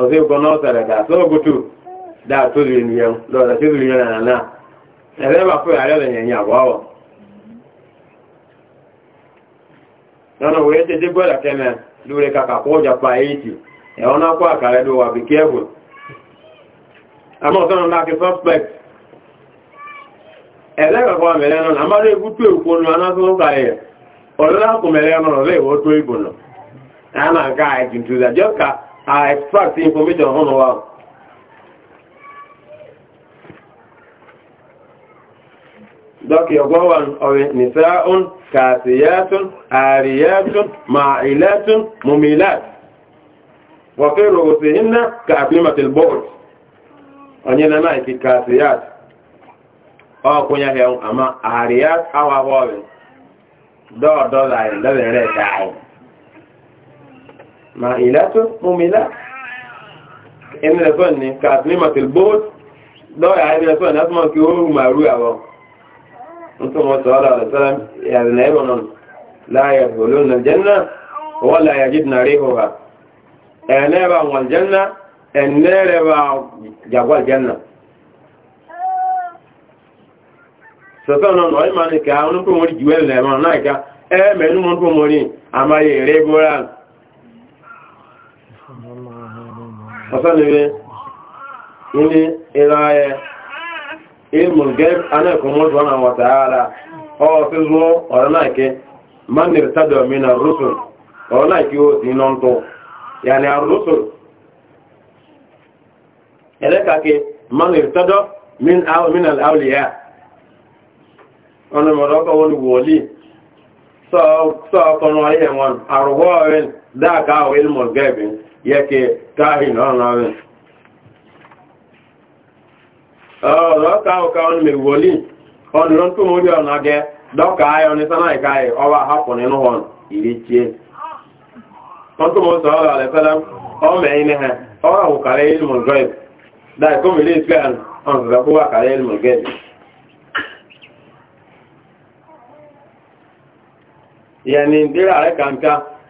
ọ̀sẹ̀ ìkọ̀ náà sọ̀rọ̀ dà sọ́ọ̀gùtù dà tó lè ní ẹun lọ́dà tó lè yẹn nàná ẹ̀rẹ́ bá fún ìyàrá rẹ̀ yẹn yàwó ọ̀ lọ́nà òwe ṣe dé gbọ́dà kẹ́mẹ́ lórí kàkà kó ọjà pa èyí ẹ̀wọ́n náà kó àkàrẹ́ ló wà bí kẹ́ẹ̀fù àmọ́ sọ́nà láti suspect ẹ̀lẹ́kọ̀ọ́ mẹ́lẹ́ náà àmọ́lẹ́ ìbútú èkó ní anásọ́lọ́kà ẹ̀ ọ̀lọ́lá kò mẹ́lẹ́ náà lẹ́wọ́ tó ìgbònà I extract the information on our dọ́kì ọgbọ́wọ́n ọ̀rẹ́ nìsáàún kàtíyàtún àríyàtún ma'ilẹ́tún mummilat wọ́fẹ́ rọ̀wọ̀sẹ̀ iná kàfíìmọ̀tìl bọ́ọ̀d ọ̀nyẹ́nà náà kí kàtíyàt ọkùnyà hẹun àmà àríyàt awàwọ̀ rẹ̀ dọ́ọ̀dọ́là ẹ̀lẹ́rẹ̀ dáa ma'ilatun mumila ẹni lẹ́sọ́ ni katlimatil bóòt lọ́wọ́ ààrẹ lẹ́sọ́ ni asọ́mọ́ kí ó rú màrú àwọ̀ nítorí wọ́n sọ́ọ́lá ọ̀lẹ́sọ́lá ìyàrin ẹ̀rọ̀nà láàyè olóòrùn aljanna wọ́n láyé jìdìnà rí hùwà ẹ̀ẹ́nẹ́rẹ̀ àwọn aljanna ẹ̀ẹ́nẹ́rẹ̀ jàgbọ́ aljanna sọ̀tọ́nà ọ̀yí ma ní kẹ́ àwọn onípò mọ́rí jùwẹ́lì lẹ́mọ̀ náà ká ẹ̀ẹ́mẹ̀ẹ́nú mọ́ asanibe ini ilaye ilmul gaib ana kuma zuwa wa ta'ala o fi zuwa orana ke man nirtada min ar-rusul orana ke o ti non to yani ar-rusul eleka ke man nirtada min al-awliya ona moroko woni woli so so kono ayen won arwa wen da ka ilmul na yẹ́kẹ́ káàrin ọ̀nà rẹ̀ ọ̀lọ́ka ọ̀ka ọ̀nà mẹ́wọ̀lì ọ̀nà tó mórí ọ̀nà gẹ́ dọ́ka ayọ̀ ní sánà ìkáyẹ̀ ọwà hapù nínú wọn ìrìchie wọ́n tó mọ́ sọ́ọ̀rọ̀ ọ ọmọ ẹ̀yìn ha ọwà àwòkàrẹ́ ilmù gẹ́ẹ̀bì dáì kó mìíràn ìfẹ́ ọ̀nà kó wà kàrẹ́ ilmù gẹ́ẹ̀bì yẹni ndíra rẹ̀ kàǹkà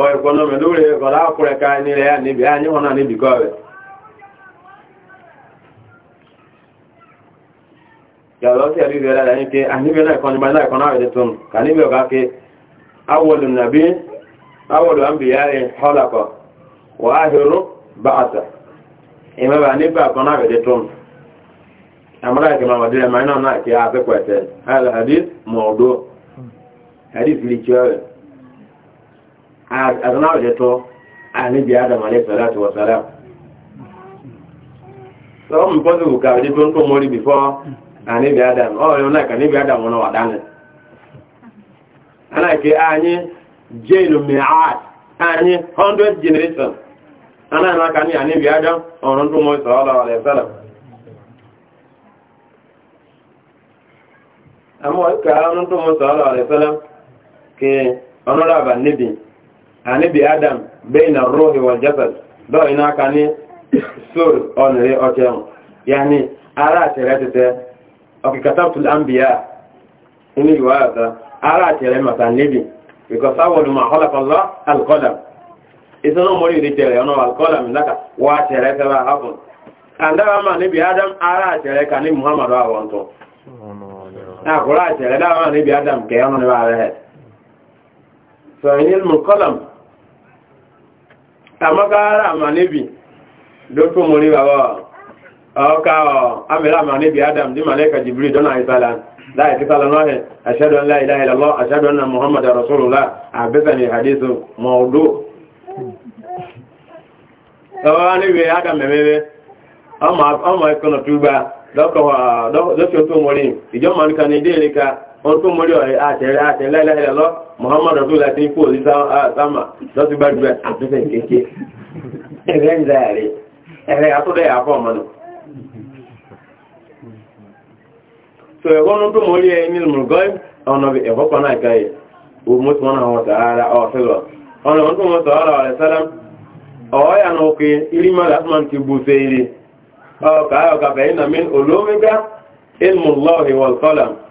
ọ ìkọ́nà mẹ́ lórí ọ̀lá ọkùnrin ká ní rẹ̀ níbi ayé wọn náà níbi kọ́ rẹ̀ yàrá sí ẹ̀rí rẹ̀ lára ní pé àníbẹ̀ náà ìkọ́nà ìbáyé náà ìkọ́nà àwẹ̀dẹ̀ tó nù bi níbẹ̀ ọ̀gá pé awọlù nàbí awọlù àmbìyà rẹ̀ a fẹ́ azana waje to anabi adam alayhi salatu wa salam so mi ko zu ka waje to ko mori before anabi adam oh yo na ka anabi adam wono wadane ana ke anyi jailu mi'at anyi 100 generation ana na ka ni anabi adam onon to mo sallallahu alayhi wasallam amma ka onon to mo sallallahu alayhi wasallam ke onon da ba anibi adam bẹ́ẹ̀nà rohi wal jasad dọ́ iná ka ní sóòrù ọ̀nàrí ọ̀tẹ́hùn ya ni ara àtẹ̀rẹ́ tẹ́tẹ́ ọkìkàtà fún àmbíyà inú ìwà àtà ara àtẹ̀rẹ́ màtà níbi because sáwọn ma ọlọ́pàá alkọ́lá ìsọ́nà mọ́rí ìdí tẹ̀rẹ̀ ọ̀nà alkọ́lá mi láka wà tẹ̀rẹ́ tẹ́lá hapun àndára ma níbi adam ara àtẹ̀rẹ́ ka ní muhammadu àwọn tó àkùrá àtẹ̀rẹ́ dáwọn níbi adam kẹ́ ọ̀nà níbi ààrẹ sọ̀rọ̀ ní ilmù kọ́lọ̀mù tàmọ́kára àmà níbi lókù mú rí bàbá ọkà àmìlà àmà níbi adam dí màlẹ́kà jìbìrì dọ́nà àìsàlá láì tí sálọ náà aṣẹ́dọ̀ ńlá ìdáhì lọ́lọ́ aṣẹ́dọ̀ na muhammad rasulullah mọ̀ọ́dọ́ ọmọ ẹkùnà túgbà lọ́kọ̀ọ́ ọdún tó mọ́rí ọ̀rẹ́ àtẹ̀rẹ́ àtẹ̀lẹ́lẹ́lẹ́ lọ muhammad abdullahi ti kú òní sáàmà lọ́sí gbájúgbà àtúnṣe kéèké ẹ̀rẹ́ ń ẹ̀rẹ́ àtúndẹ̀ àfọ́ ọmọ so ẹ̀kọ́ ní tó mọ́rí ẹ̀ ní mùgọ́ì ọ̀nà na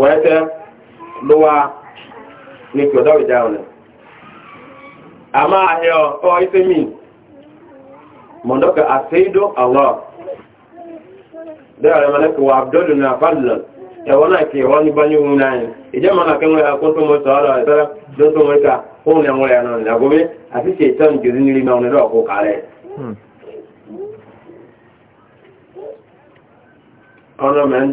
wẹ́ẹ́tẹ́ ló wá ní kí ọ̀dọ́ ìjà ọ̀nà àmá ahẹ́ ọ̀ ìfẹ́ mi mọ̀dọ́kà àṣẹ́dọ́ àwọ̀ dẹ́rẹ̀ mọ̀lẹ́kọ̀ wà abdọ́dù ní àfàlùlọ̀ ẹ̀wọ́n náà kí ẹ̀wọ́n ní bá ní ohun náà ìjẹ́ mọ̀nà kí wọ́n kó tó mọ́ sọ́ọ́lọ́ ìfẹ́rẹ́ tó tó mọ́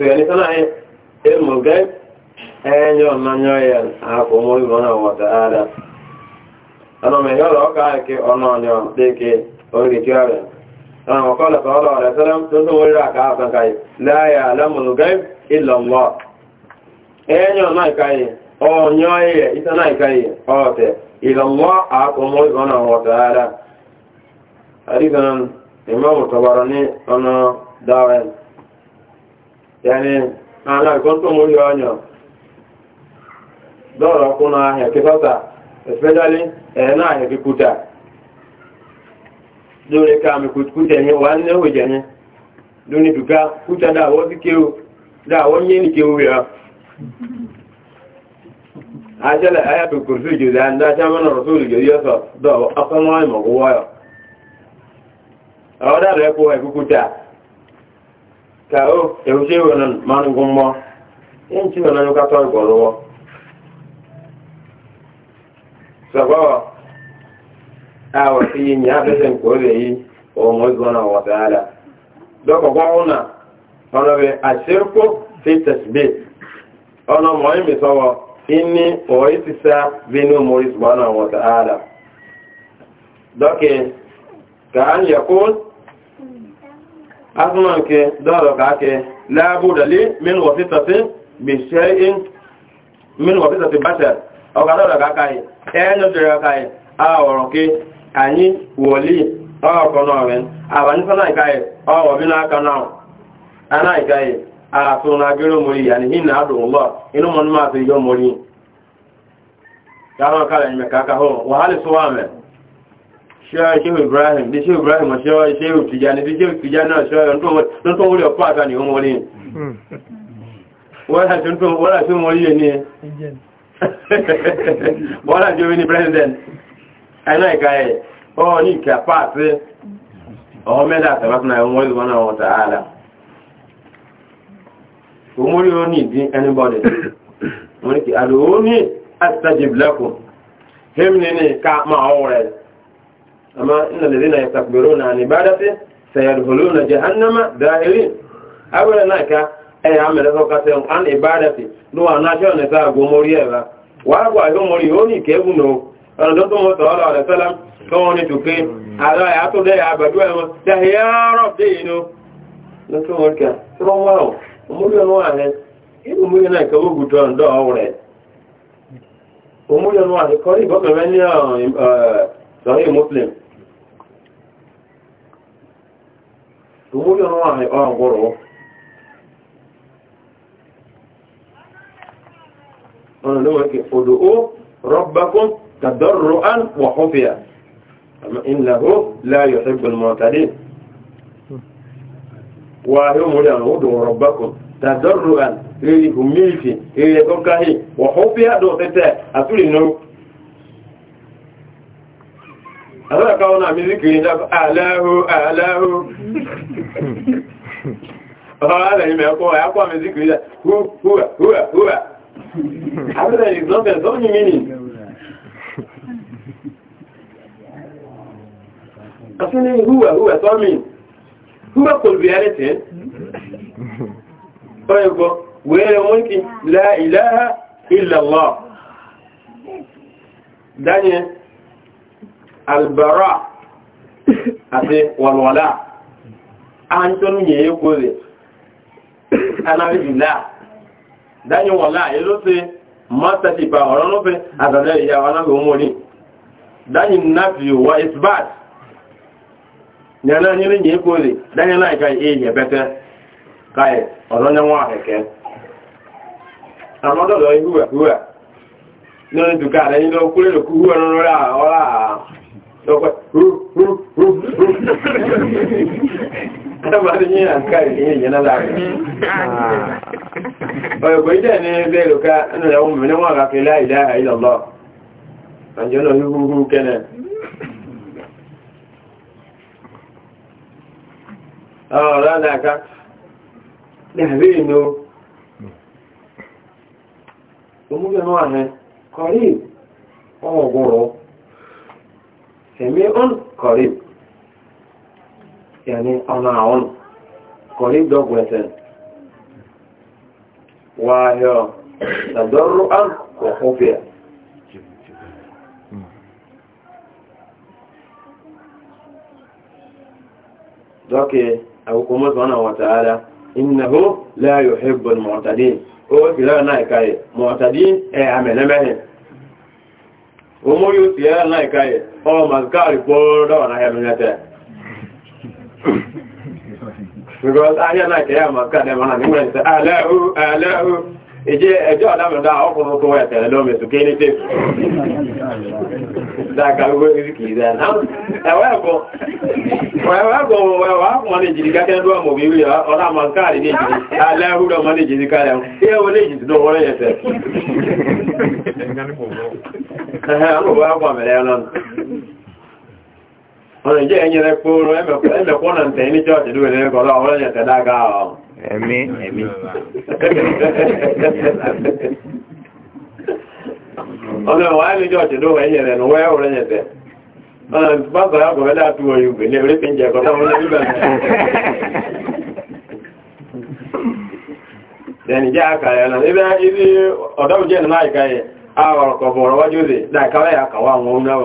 so ẹni sọ́nà ẹ mọ̀ gẹ́ ẹ̀yẹ ọ̀nà yọ yẹ àpò mọ́ ìmọ̀ náà wọ̀ dáadáa ọ̀nà mẹ́yọ́ lọ ká ẹ̀kẹ́ ọ̀nà ọ̀nyọ́ déèké orí tí ó rẹ̀ ọ̀nà mọ̀kọ́ lọ́sọ̀ ọ̀lọ́ rẹ̀ sọ́nà tó tó wọ́n rà ká àtàn káyì láyà alámùnú gẹ́ ìlọ̀ mọ́ ẹ̀yẹ ọ̀nà ìkáyì ọ̀nyọ́ yẹ ìsọ́nà ìkáyì ọ̀tẹ̀ ìlọ̀ mọ́ àpò mọ́ ìmọ̀ náà wọ̀ dáadáa yẹni ààrẹ ìkọ́n tó mú yọ ọyàn lọ́rọ̀ ọkùnrin ahẹ̀ kíkọ́ta especially ẹ̀ẹ́nà ahẹ̀ kíkúta lórí káàmì kúta ẹ̀yẹ wà ní ẹ̀wọ̀ jẹ́ yẹn lórí dùká kúta dáwọ́ sí kéwò dáwọ́ yé ní kéwò rẹ̀ ajẹ́lẹ̀ ayàtò kò sí ìjòdá ní ajámọ́nà rọ̀ sóòlù ka o ewusi ewe na mmanụ mmụọ ihe nchi na nyụkata ọgwụ rụwọ a wasi yi nye abịasị nke ọ na ọmụ ego na wata ala dọkọ gwọwụ na ọnụ bụ fitas bi ọnụ mọ ime sọwọ inni ọ bi dọkị ka azuman nke dọrọ ka ake laabudali min wasitati bishayin min wasitati bashar ọka dọrọ ka aka yi ẹnu dọrọ ka yi anyị wọli ọkọ n'ọrin abanyị sana ika yi ọwọ bi n'aka na ana ika yi arasu na agịrị mori ya n'ihi na adụ ụlọ inú mọ nnụmọ atụ ihe ka ya n'ọkara enyemaka aka hụ wahalisụwa mere ṣéhù ibrahim bí ṣéhù ibrahim ṣéhù ṣéhù tìjáni bí ṣéhù tìjáni náà ṣéhù tó tó wọlé ọ̀pá àtàní ọmọ ní wọ́n láti wọ́n wọlé ní wọ́n láti wọ́n ní president ẹ̀nà ìka ẹ̀ ọ́ ní ìkà pààtí ọmọ mẹ́ta wọ́n omori ó ní ìdí anybody wọ́n ní kí àdó ó ní àtàjì blẹ́kùn him ní ní ká máa amma inna ladina yastakbiruna an ibadati sayadkhuluna jahannama da'irin abara naka ay amala so kase an ibadati do anasho ne sa gomori eba wa gwa yo mori oni kebu no ana do mo to ala salam ko ni tuke ala ya to e mo da ya rabbi no no to mo to wa ibu ka ọwụrụ sọ̀rọ̀ muslim tòmúlò náà wà ní ọ̀gbọ̀rọ̀ ọ̀nà ló wọ́n kí odò ó rọ́bàkún tàdọ́rọ̀ án wà hófíà àmà ìlàhó láàyò ṣẹ́gbẹ̀l àwọn àkàwọn náà mi síkìrì ní aláhù aláhù ọ̀rọ̀ alẹ́yìn mẹ́kọ́ ẹ̀kọ́ mi síkìrì ní húwà húwà húwà abúlẹ̀ ìgbọ́nbẹ̀ tó ní mí nì asínú húwà húwà tó mí húwà kò bí ẹrẹ́ tẹ́ ọ̀rẹ́gbọ́ wẹ́rẹ́ wọ́n kí láìláha ìlàlá dáyẹn albara àti wàlúwàlá àǹtọ́nù a yẹ kó rẹ̀ anábìjìlá dáyé wala yẹ ló ṣe mọ́tàtì pa ọ̀rọ̀ lọ́fẹ́ àtàlẹ́ ìyá wa náà lòún mọ́ni dáyé nàfi wà isbat nyana nyere nyɛ kori danyɛ na ka e yɛ bɛtɛ ka yɛ ɔno nyɛ ŋɔ ahɛkɛ amadu lɔ ihu wa ihu wa nyɛ duka danyɛ lɔ kure lɔ kuhu wa nɔnɔ lọ́pẹ́ Adọ́bàdé yìí àǹkà ìyẹn ìyẹn náà láàrin. Ọ̀yọ̀kọ̀ ìdẹ̀ ní ẹgbẹ́ ìlúká ẹnu ìyàwó mìíràn wọ́n àkàkẹ́ láìlá ìlọ́lọ́. Àjọ́ náà húhúhú kẹ́nẹ̀. Ọ̀rọ̀ àdáka, dàbí ìnú, omúgbẹ̀mọ́ àmẹ́, kọ̀rí ọ̀gbọ̀rọ̀. sami'un qarib yani ana'un qarib dog wesen wa ya tadarru'an wa khufiya donc na mọ́sánà wàtàálà innahu la yuhibbul mu'tadin o wọ́n fi na náà ìkáyẹ̀ mu'tadin omo yóò ti ẹ́ láì káyẹ ọmọ mazikari pọ́ọ́dọ̀ wọn ahẹ́ lóyún ẹ̀tẹ́ because ahẹ́ náà kẹ́yà mazikari ẹ̀mọ́ náà nígbà ìṣẹ́ alẹ́hu alẹ́hu ìjẹ́ ẹjọ́ ọ̀dámẹ́dá ọkùnrin tó wẹ̀ tẹ̀lé lọ́mọ ètò kéèní tẹ́ dáka gbogbo ìrírí kìí dẹ́ náà ẹ̀wọ́ ẹ̀kọ́ ẹ̀wọ́ ẹ̀kọ́ ẹ̀wọ́ ẹ̀yìn ní pọ̀wọ́ ọ̀nà jẹ́ ẹ̀yìn rẹ̀ pòórùn ẹ̀mẹ̀kọ́ náà tẹ̀ ní chọ́ọ̀tì lórí ẹ̀rẹ́ gọ́lá ọ̀rọ̀ yẹn tẹ̀dá gáà ọ̀ ẹ̀mí ẹ̀mí ọ̀nà wà ní chọ́ọ̀tì lórí ẹ̀yìn rẹ̀ nùwẹ́ ọ̀rọ̀ yẹn tẹ̀ ọ̀nà bàbá àgọ̀wẹ́lá àtúwọ̀ yóò gbẹ̀lẹ̀ orí pẹ̀jẹ̀ ẹ̀kọ́ táwọn oníbẹ̀ ẹni jẹ́ àkàrẹ̀ ẹ̀nà ibi ọ̀dọ́ àwọn ọ̀kọ̀bọ̀ ọ̀rọ̀ wájú rẹ̀ láìkáwẹ́ àkàwà àwọn ohun náà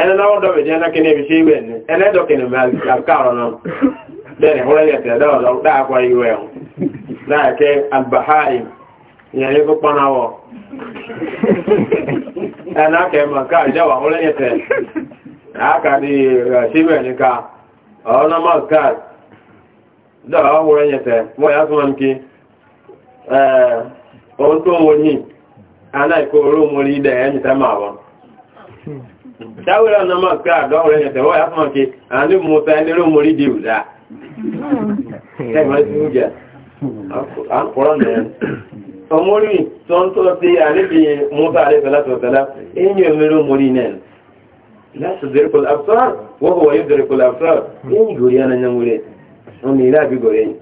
ẹni náà dọ̀ bẹ̀jẹ́ náà kíní ibi ṣe ìwẹ̀ ní ẹlẹ́dọ̀kìnì àkàrọ̀ náà bẹ̀rẹ̀ húrẹ́lẹ̀ tẹ̀lẹ́dọ̀ ìwẹ̀ ẹ̀hùn láìkẹ́ albahari ohun tó wọ́n yìí aláìkó olóòmórí ilẹ̀ ẹ̀mí sẹ́mà wọn dáwẹ́rẹ́ ọ̀nà máa pé àdọ́wọ̀ rẹ̀ yẹ̀tẹ̀ wọ́n yàtọ̀ kí àánú mú sẹ́ ní olóòmórí di ìwùdá ọmọrí tó ń tó sí àníbi mọ́ta àrífẹ́látọ̀tẹ́lá èyí òmìnir mọ́rí náà láti zirikul absar wọ́n wọ́n yóò zirikul absar èyí gòrí ànányàn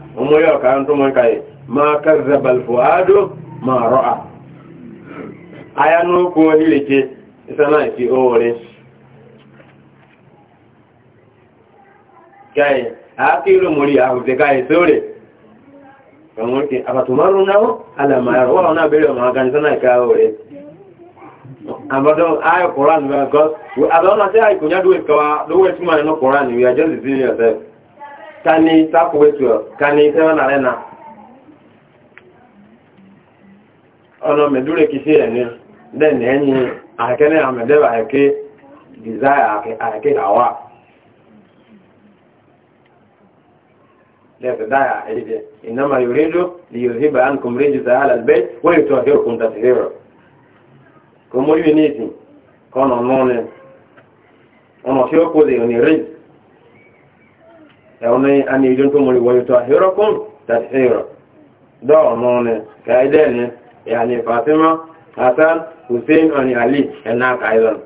ọmọ yọ ọ̀ka ń tó mọ́ ká máa kẹ́rẹ́ balùfò áádó máa rọ́ à ayá ní ó kún ìsáná ìfi oore káyẹ àákìlò mórí àhùtẹ káyẹ sóòrè ọmọ àbàtùmọ́rún náà alàmàrọ̀ wọ́n náà bẹ̀rẹ̀ ọmọ aganisáná ìka oore ambazo aya Quran because we adona say I kunya do it kani takuwetu kani tewa na rena ono medure kisi ene den enyi akene amedeba eke desire ake ake hawa لذا دعا إليه إنما يريد ليذهب عنكم رجس أهل البيت ويطهركم تطهيرا كم ينيتي كون أنوني أنا شو كذي أني رجس ẹ̀wọ̀n àni ìjọ tó mọ̀ ìwọ̀n ìtọ́ àhírọ́kùn tàṣírọ̀ dọ́ọ̀nà ọ̀nà kàídẹ́ ni ìhàní fatima hassan hussein ọ̀nì ali ẹ̀nà kàílọ̀n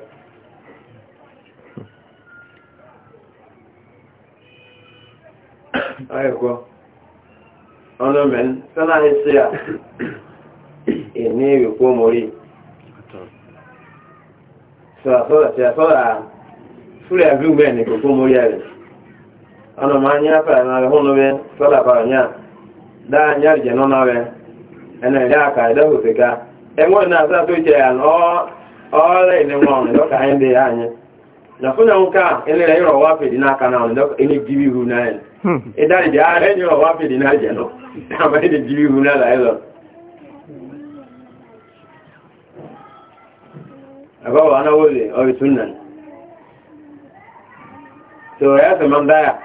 ọ̀ẹ̀kọ́ ọ̀nà mẹ́rin sọ́nà ìní ana ma anya fa na le hono be sala ba anya da anya je no na be ene ya ka da hu se ka e na sa to je an o o le ne mo no ka ende ya anya na funa nka ene le ro wa pe di na ka na no ene jibi hu na en hmm. e da je a re ro na je no ama ene jibi hu na la elo abawa ana wole o sunnan so ya se mandaya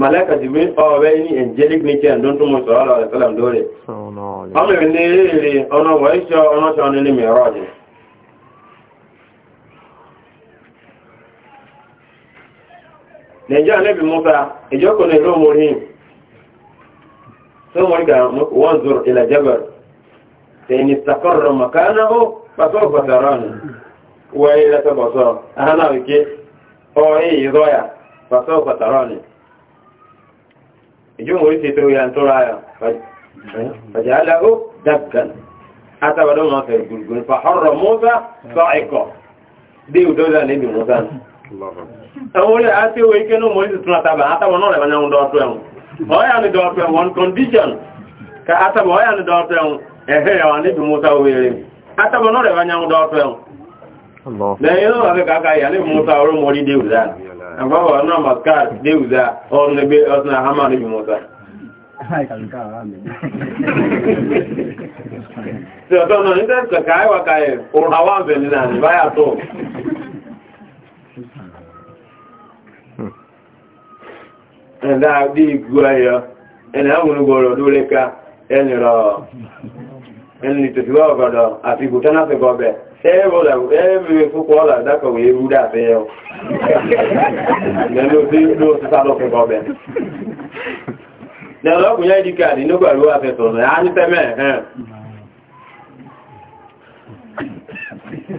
malaika jibril ọ̀rẹ́ oh, ní angelic nature and don't much ọ̀rọ̀ alẹ́sọ́làm lórí ọmọ ní èrè ọ̀nà wọ́íṣọ́ ọ̀nàṣọ́ ní mìíràn nàíjíríà nẹ́bí mọ́ta ìjọ́kùn ní rome rí tó wọ́n ga wọ́n zùrù ilẹ̀ jabar tẹ̀yìn ìsàkọ̀rọ̀ makánáhó pàtó pàtàránù wọ́n ilẹ̀ tọ́bọ̀sọ́ ahánàwìké ọ̀ èyí zọ́yà pàtó pàtàránù ìjúmọ̀ orí tètè òyà tó ráyà fàjálà ó dàgbàn àtàbàdọ́ máa fẹ̀ gùrùgùn fàhọ́rọ̀ mọ́sá sọ ẹ̀kọ́ dé ìdọ́dà níbi mọ́sá àwọn orí àti owó ike náà mọ́rí tuntun àtàbà àtàwọn náà rẹ̀mọ́ ní dọ́ọ̀tọ̀ ẹ̀wọ̀n ọ̀yà ni dọ́ọ̀tọ̀ one condition ka àtàbà ọ̀yà ni dọ́ọ̀tọ̀ ẹ̀wọ̀n ẹ̀hẹ́ ẹ̀wọ̀n níbi mọ́sá wẹ̀rẹ̀ àtàbà náà rẹ̀mọ́ ní dọ́ọ̀tọ̀ ẹ̀wọ̀n lẹ́yìn náà wà fẹ́ kàkà ìyà níbi mọ́sá àbáwọ̀ ọ̀nà mọ̀káàtì déwùdá ọ̀nà gbé ọ̀sán àhámà ní jùmọ̀ta tí ọ̀tọ́ náà nígbà kàkà àìwàkà ẹ̀ òun àwọn àbẹ̀ nínú àní báyà tó ẹ̀dá bí ìgbó ayọ̀ ẹni and olùgbòrò lórí ká ẹni rọ̀ ẹni tòṣìwọ́ ọ̀gọ̀dọ̀ àti ìgbòtánàfẹ́gọ́bẹ̀ ẹ̀rọ̀lá ẹ̀rẹ̀ fúnkọ́ ọ̀là dákọ̀wé rúdà fẹ́ ọ. ya tí ló ti sá lọ́fẹ́ ọbẹ̀. Lẹ́lọ́gùn yẹ́ ìdíkà ní nígbàrí wà fẹ́ sọ̀rọ̀ yá ní fẹ́mẹ̀ ẹ̀hẹ́n.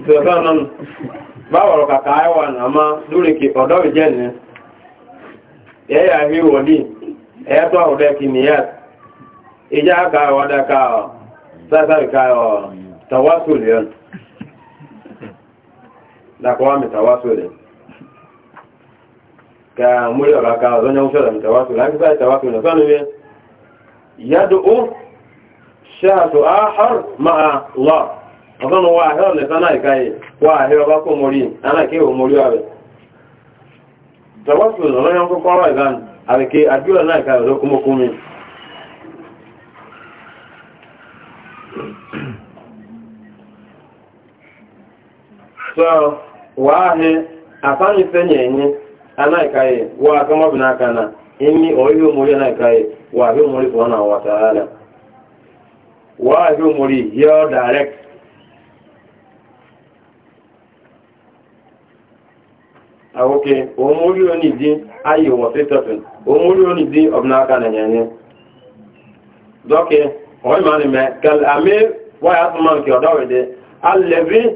Sọ̀rọ̀ náà báwọ̀rọ̀ kàkà ẹwà nàmá lórí kí ya ìjẹ́ ni. Ẹ̀yà rí wọ̀lì, ẹ̀ẹ́tọ́ ọ̀dẹ́ lakwa metawasul ka muri ọ̀rọ̀ ka ọ̀zọ́nyẹ́ ń ṣọ́rọ̀ metawasul láti bá ìtawasul náà sọ́nà wíyẹn yàdù ó ṣáàtò áhàr máa lọ ọ̀sọ́nà wà áhẹ́ ọ̀lẹ̀ sánà ìkáyè wà áhẹ́ ọba kó mori aláàkẹ́ ò mori ààrẹ tawasul ọ̀lọ́yẹ́ kọ́kọ́ ọ̀rọ̀ ìbán àrẹ̀kẹ́ àdúrà náà ìkáyè ọ̀lọ́kúnmọ́kúnmi So, wahe afanye fenyenye anaikaye wa kama binakana imi oyo muri anaikaye wa hiyo muri subhanahu wa ta'ala wa hiyo muri hiyo direct awoke omuri oni di ayo wa fetatun omuri oni di obnaka na nyenye doke oy mani me kal amir wa yatman ki odawede allazi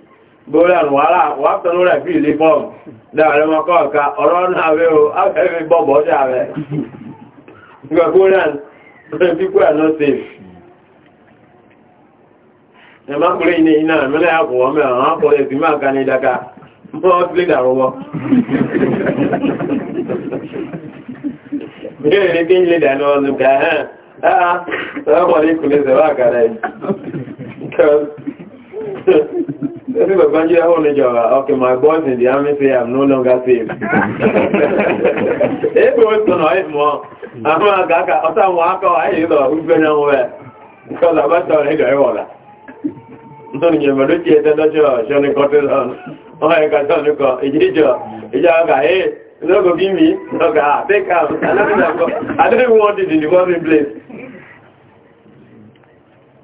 gbóòrò àrùn wàhálà wà tán lórí àfi ilé fọ́ọ̀mù ọrụ wọn kọ́ ọ̀rọ̀ náà rẹ o afẹ́fẹ́ bọ́bọ̀ ọjà rẹ gbẹ̀gbóòrán pípẹ́ àná safe ẹ Every okay, my boss in the army say I'm no longer safe. know o sọ na ịmụọ, ahụ aka aka ọta nwa aka anyị lọ ube na nwe, nke ọla bata ọrụ ịdọ ịwọla. Ntọni nye mmadụ chi ete ndọchọ ọchọ n'ịkọtụ lọnụ, ọha ịkọtụ n'ịkọ, iji ịjọ, iji aka, ee, n'ogo gị mi, n'oge a, take am, anaghị na-akọ, adịghị nwa in the working place.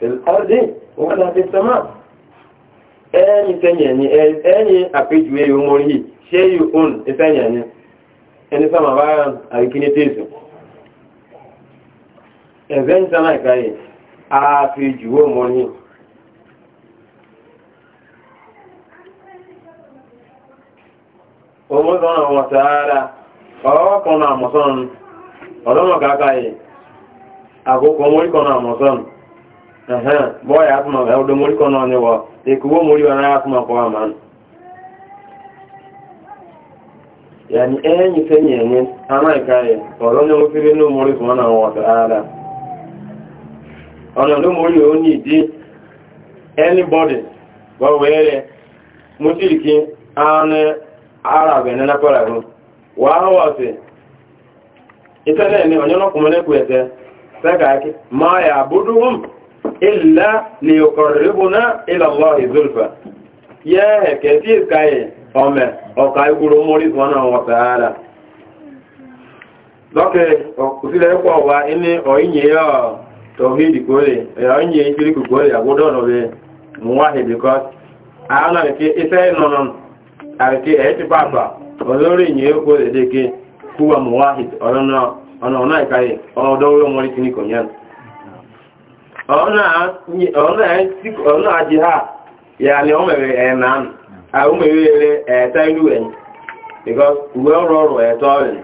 fìlọ́dì wọ́n láti sọ́mà ẹni tẹ́yẹ̀ni ẹni àpéjúwé yóò mọ́rí yìí ṣe yóò own ìtẹ́yẹ̀ni ẹni sọ́mà bá àríkíní tèèsù ẹ̀fẹ́ ń sọ́mà ìkáyẹ̀ àpéjúwé mọ́rí yìí ọmọ sọ́nà ọmọ sàárà ọ̀rọ̀ kan náà mọ̀sán ọ̀rọ̀ mọ̀ káàkiri àkókò mọ́rí kan náà mọ̀sán bọ́ọ̀ yà fún ọ̀rẹ́ ọdún mórí kan náà ni wọ́ ìkúwó mórí ọ̀rẹ́ yà fún ọ̀pọ̀ àmà ya ẹ̀yìn sẹ́yìn ẹ̀yìn amáìka yẹ ọ̀rọ̀ ní wọ́n fífẹ́ ní mórí fún na wọ̀ tààrà ọ̀nà ló mórí ó ní ìdí anybody wọ́wẹ́rẹ́ mo sì kí na ara bẹ̀ nínú kọ́ra rú wàá إلا ليقربنا إلى الله زلفى يا كثير كاي أما أو كاي يقولوا مولي سبحانه وتعالى lọ́kẹ́ òsílẹ̀ ẹ̀kọ́ wa ní ọ̀yìnyẹ tọ̀hídì kóòlè ọ̀yìnyẹ ìṣíríkù kóòlè àgbódọ̀ lọ́wẹ́ mọ́wáhì because àwọn àrẹ̀kẹ́ iṣẹ́ ìnànà ọ̀nà àjí ha ya ni ọ mere ẹ̀nà nù mere ere uwe ọrụ ọrụ ẹ̀ẹ̀tọ́ ọ̀rẹ̀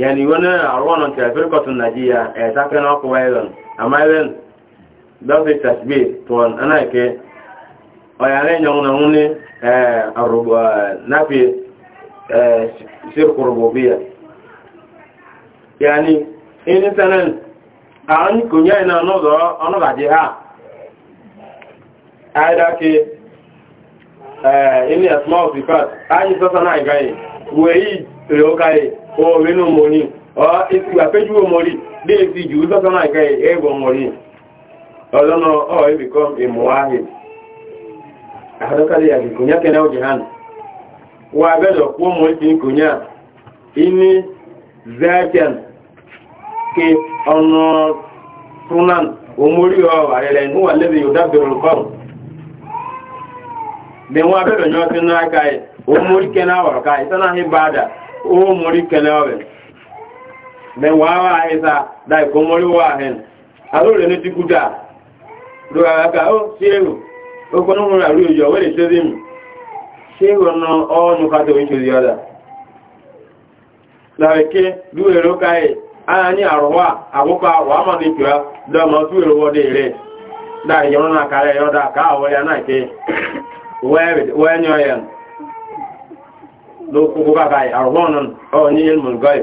ya ni iwe náà àrùn ọ̀nà tẹ̀lẹ̀ fẹ́rẹ́kọ̀tù nàìjíríà ẹ̀ẹ̀tẹ́ kẹ́ náà na ya ni anyị konye anyị na ọnọdụ ha anyị dake ịnị eh, asma ọfikat anyị sọsọ na ịga yi wee yi tere ụka yi owe na omori ọ esi apejụ omori deesi ju sọsọ na ịga yi egwu ahịa wa ke omori ọ àrẹ̀lẹ̀ ní wà lẹ́bí yóò dábẹ̀rẹ̀ olùkọ́rù bí wọ́n abẹ́rẹ̀ yọ́ sí náà káyẹ na kẹ́ ka wọ̀rọ̀ káyẹ sọ́nà ní bàdà omori kẹ́ náà wẹ̀ bẹ̀ wọ́n wá ahịsa, dáì kó mọ́rí wà hẹ́n alóòrè ọ anyị arụwa agwụkọ arụ amalike dọmọtụ dị ere dari yọrọ na kara yọrọ da ka ahụ ya na ike wee nyọ ya lókùnkùn bàbá àrùwọ̀n náà ọ̀ ní ilmùn gọ́ì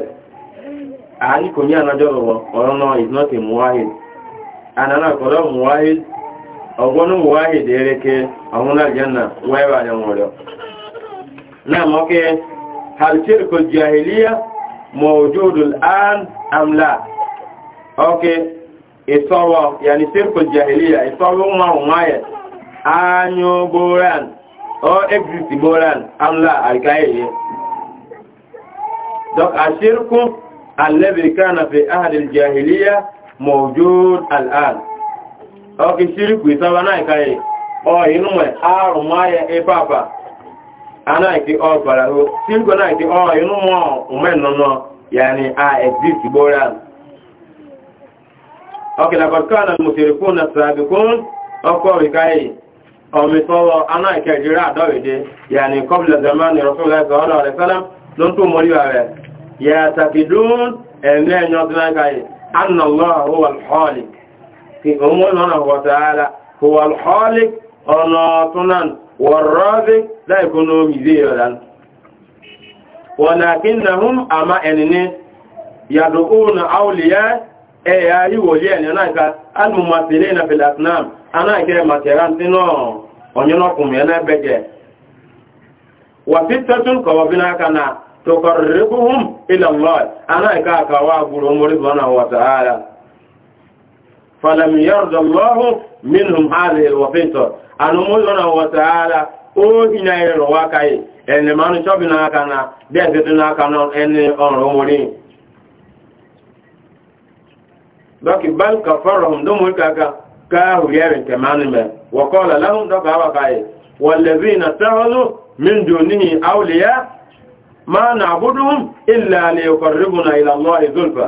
àní kò ní ànájọ́ ọ̀rọ̀ náà is not a muwahid ànàrà kọ̀lọ̀ muwahid ọgbọ́nú muwahid ereke ọ̀hún aljanna na an amla ok isowo yani sirkul jahiliya isowo ma umaye anyo boran o exist boran amla alkaye e donc ashirku alladhi kana fi ahli aljahiliya mawjud al'ad ok shirku isowo na alkaye e o inwe aru maye e papa anaiki e, o parahu shirku na iti o inu mo umen no no يعني آه exist بورا أوكي لقد كان المشركون السابقون أقوى بكاي أمثال أنا كجراء داود يعني قبل زمان رسول الله صلى الله عليه وسلم لنتو مريبا يعتقدون أن ينظرنا كاي أن الله هو الخالق في أمورنا وتعالى هو الخالق أنا تنان والرازق لا يكون مزيدا walakinnahum ama enini yad'una awliya e na ka almumathilina fil asnam ana ke materan na onyo no kum yana beje wa fittatun qawbina kana tuqarribuhum ila ẹni mọ́nú ṣọ́bì náà aka na bẹ́ẹ̀ tètè náà aka ẹni ọ̀rọ̀ omori dọ́kì báńkà fọ́rọ̀hùn lómúrí kaka káàhù yẹ́rì tẹ̀mánì mẹ́ wọ́kọ́ọ̀lá láhùn dọ́kà àwàkáyè wọ̀lẹ̀bí na tẹ́họ́nú míndò níhì áwùlìyá máa nà na ilẹ̀ alẹ́ ọkọ̀rẹ́bùnà ìlàlọ́ ìzúlfà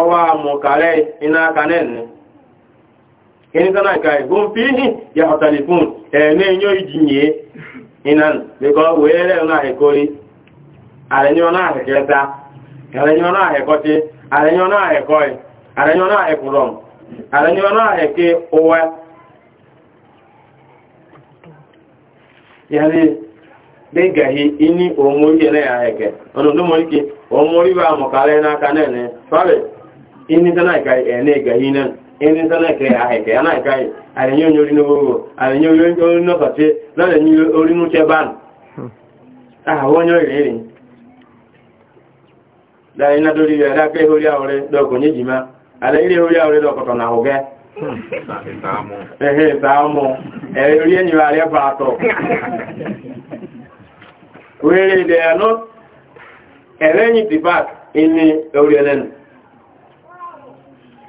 ọwọ́ àmọ̀kàrẹ́ iná kanẹ́ẹ̀ni kìí sánà ìka ìgbón fi hì yà ọ̀tàlì fún ẹ̀ẹ́mẹ́ yóò ìjìnyẹ iná lẹ́kọ́ wẹ́ẹ́rẹ́ ọ̀nà àhẹ́kọ́rí àrẹ̀yìn ọ̀nà àhẹ́kẹta àrẹ̀yìn ọ̀nà àhẹ́kọ́tí àrẹ̀yìn ọ̀nà àhẹ́kọ́ì àrẹ̀yìn ọ̀nà àhẹ́kùrọ̀m àrẹ̀yìn ọ̀nà àhẹ́kẹ́ ọwẹ́ yàrí in tana kai ene ga hinan in tana kai a haika yana kai a da yin yori na gogo a da yin yori na face na da yin yori na ce ban a ah, wani yori ne da ina dori ya da kai hori aure da ko ne jima a da ire hori aure da ko to na hoge hmm. ehe samu eh ori enyi wa re fa to were de ano erenyi ti back in ori elenu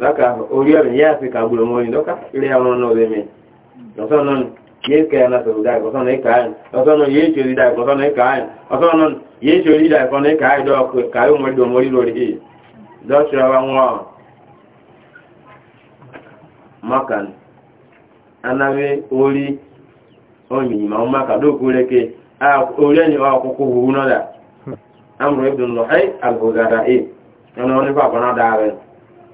laka ka yasi ya nono leme noso non ye ke ya so da e kai noso non ye chori da ko sono e kai noso non ye chori da ko ne kai do ko kai mo do mori lori e do nwa ori omi ma maka do ko a ori ni wa ko ko hu no da amro ibn luhay al-huzara'i na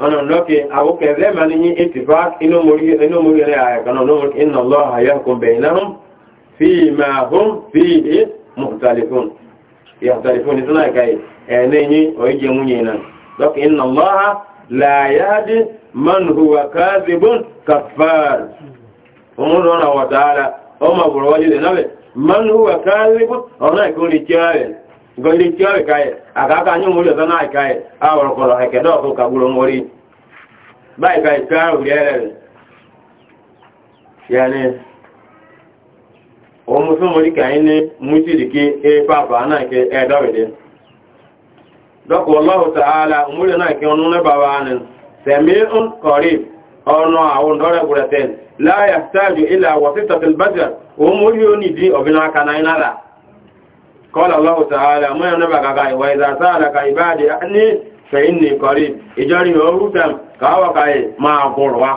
ana ndoke abu kaze mani yi ittifaq ino muri ino muri ne aya kana ya muri inna allaha yahkum bainahum fi ma hum fi mukhtalifun yahtalifun tuna kai ene ni oje munye na dok inna allaha la yahdi man huwa kadhibun kafar umuru na wata ara o ma buru waje nabe man huwa kadhibun ona ko ni chawe gọ́lé tí ọ̀rẹ̀ ya àkàkà ní òmúrí ọ̀sán náà káyẹ̀ àwọ̀rọ̀kọ̀lọ̀ ẹ̀kẹ́dọ̀ ọ̀tọ̀ kàgbúrò mọ́rí báyìí káyẹ̀ tí àrùn rí ẹ̀rẹ̀ rẹ̀ yẹni ohun fún mọ́rí káyẹ̀ ní múṣìlìkí ẹ̀fàfà e kẹ ẹ̀dọ̀rẹ̀dẹ̀ dọ́kọ̀ ọlọ́run tààlà òmúrí náà kí ọ̀nà bàbá ni tẹ̀mí ń kọ̀rí قال الله تعالى ما نبغى كاي واذا سالك عبادي اني فاني قريب اجاري اوتم كاوا كاي ما قروا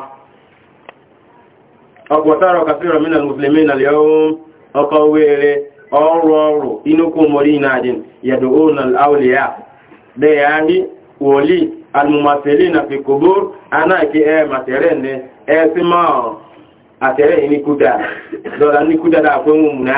اقوتارو كثير من المسلمين اليوم اقويري ọrù ọrù inúkú mọ̀rí ìnàdín yàdù òun al'auliya ya ní wòlí almumasili na fi kòbó anáàkí ẹ màtẹ̀rẹ̀ ní ẹ sí máa àtẹ̀rẹ̀ ìníkúdà dọ̀lá níkúdà dáa fún mùmùná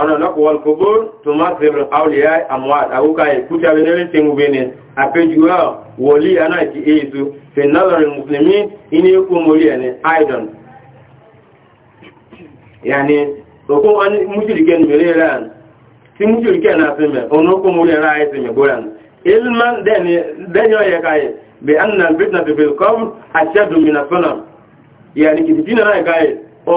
ọ̀nà lọ́kọ̀ wọ́n kòbó tó máa fẹ́rẹ̀ àwòlìyà àmúwà àwúkà ìkúta abẹ́rẹ́ tí ń gbé ní àpéjúwà wòlí anáàkì èyíso fẹ̀nàlọ́rin musulmi iné kó mórí ẹni aidan yàní òkú mújìlìkẹ́ nìmẹ̀rẹ̀ iran tí mújìlìkẹ́ náà fẹ́mẹ̀ ọ̀nà kó mórí ẹ̀rọ àìsẹ̀mẹ̀ gbọ́ran ilman dẹ́ni ọ̀yẹ̀ káyẹ̀ bẹ̀ annal britain to belcom àṣẹ́dùn minasọ́nà yàní kìtìtì náà káyẹ̀ ọ̀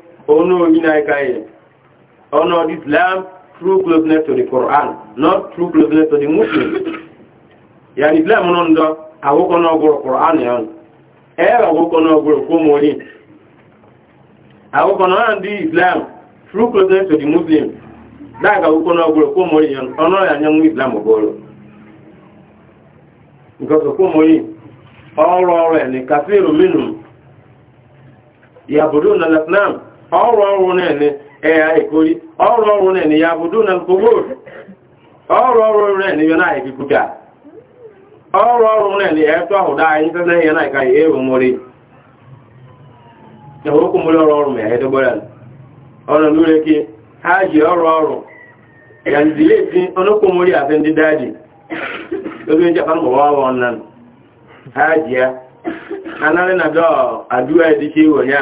ono yina kai ono islam true closeness to the quran not true closeness to the muslim yani islam non do awoko no quran ya e awoko no goro ko mori awoko no andi islam true closeness to the muslim daga awoko no goro ko mori yan ono ya nyamu islam goro because ko mori ọrụ ọrụ ya ẹni kafir minum yabudun al-asnam ọrụ ọrụ ene ẹ̀yà ìkórí ọrụ ọrụ ene ya bùdó na ọrụ ọrụ ene ya na ọrụ ọrụ daa ẹ̀tọ́ na ayíntẹ́sẹ́ yẹ ọrụ ìkàyẹ̀ ọrụ ọrụ ọrụ mẹ́ ẹ̀dọ́gbọ́rẹ̀ n'ụlọ eke ha ji ọrụ ọrụ ẹ̀yàndìlé sí ọlọ́kọ̀ mórí àti ndị dájì lórí ń jàpá mọ̀wọ́ wọn ha hajj ya anárẹ́ nàdọ́ àdúrà ẹ̀dí ṣe wọ̀nyá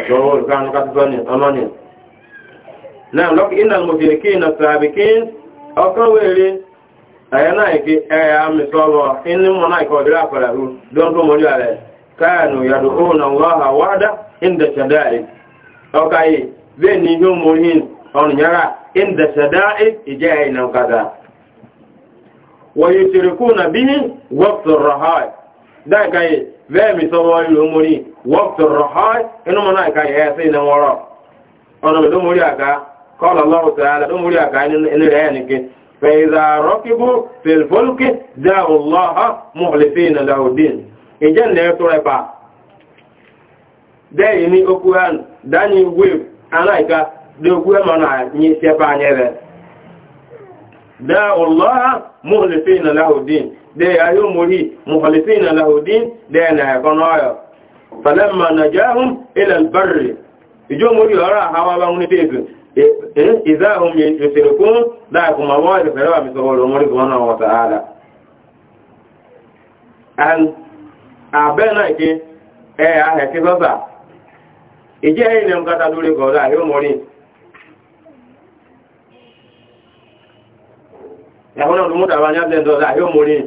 ẹ̀ṣọ́wọ́ ìgbàanú kásìtọ́nì ọlọ́nì náà lọ́kì iná mọ̀sílẹ̀kì iná sàbìkì ọkàn wèrè ẹ̀yẹ náà ìkí ẹ̀yà mìsọ́lọ̀ inú mọ̀ náà ìkọ̀ ìdílé àpẹẹrẹ dọ́n tó mọ̀lú ààrẹ káànù yàdù òun àwọ̀hà wádá ìndẹ̀ṣẹ̀dáì ọkà yìí ìjẹ́ ìnà kàdà wọ́n yóò dáìka yìí bẹ́ẹ̀ mi sọ́wọ́ ìlú mórí wọ́pù rọ̀hán inú mọ́ náà ìkàyẹ̀ ẹ̀ sí iná wọ́rọ̀ ọ̀nà mi ló mórí àga kọ́lọ̀ lọ́wọ́ tààlà ló mórí àga inú rẹ̀ ẹ̀ nìke fẹ̀yìzà rọ́kíbù fèlfólùkì dáhùn lọ́ha mọ̀lẹ́fẹ́ iná làwùdín ìjẹ́ ńlẹ̀ tó rẹ̀ pa dẹ́yìn ní okú hàn dání wíw aláìka dé okú ẹ̀ mọ́nà ní sẹ́pà de ayo muri mukhalisina lahu din de na konoyo falamma najahum ila albarr ijo muri ora hawa ba nguni tegu eh e, idha hum yusirukun da kuma wa da fara mi so muri subhanahu wa ta'ala an abena ke eh a he ke sosa ije ile ngata dure ko da ayo muri yàwọn ọdún mọ́ta bá ní àbẹ́ ìdọ́lá yóò mú rí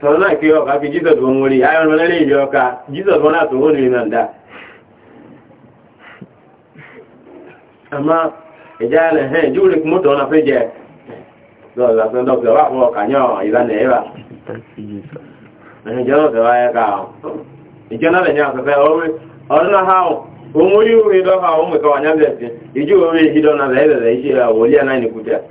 tọrọ náà kí ọkà fi jesus wọn wọlé ayọ̀nà lẹ́lẹ́ ìyọ ọkà jesus wọn láti wọn nìyẹn nàndà àmọ́ ìjà ẹ̀lẹ̀ hẹ́n júwèé kí mọ́tò ọ̀nà fẹ́ jẹ lọ́ọ̀lá fẹ́ dọ́kítọ̀ wà fún ọkà yàn ìlànà ẹ̀rà ìjọ náà tẹ̀wá ẹ̀ ká ìjọ náà lẹ̀ ní àfẹ́fẹ́ ọdún náà háwọn òun orí ìwé dọ́kà òun mẹ́kọ̀ wà nyá bẹ̀ẹ̀ sí ìjú orí ìdọ́nà lẹ́ẹ̀lẹ̀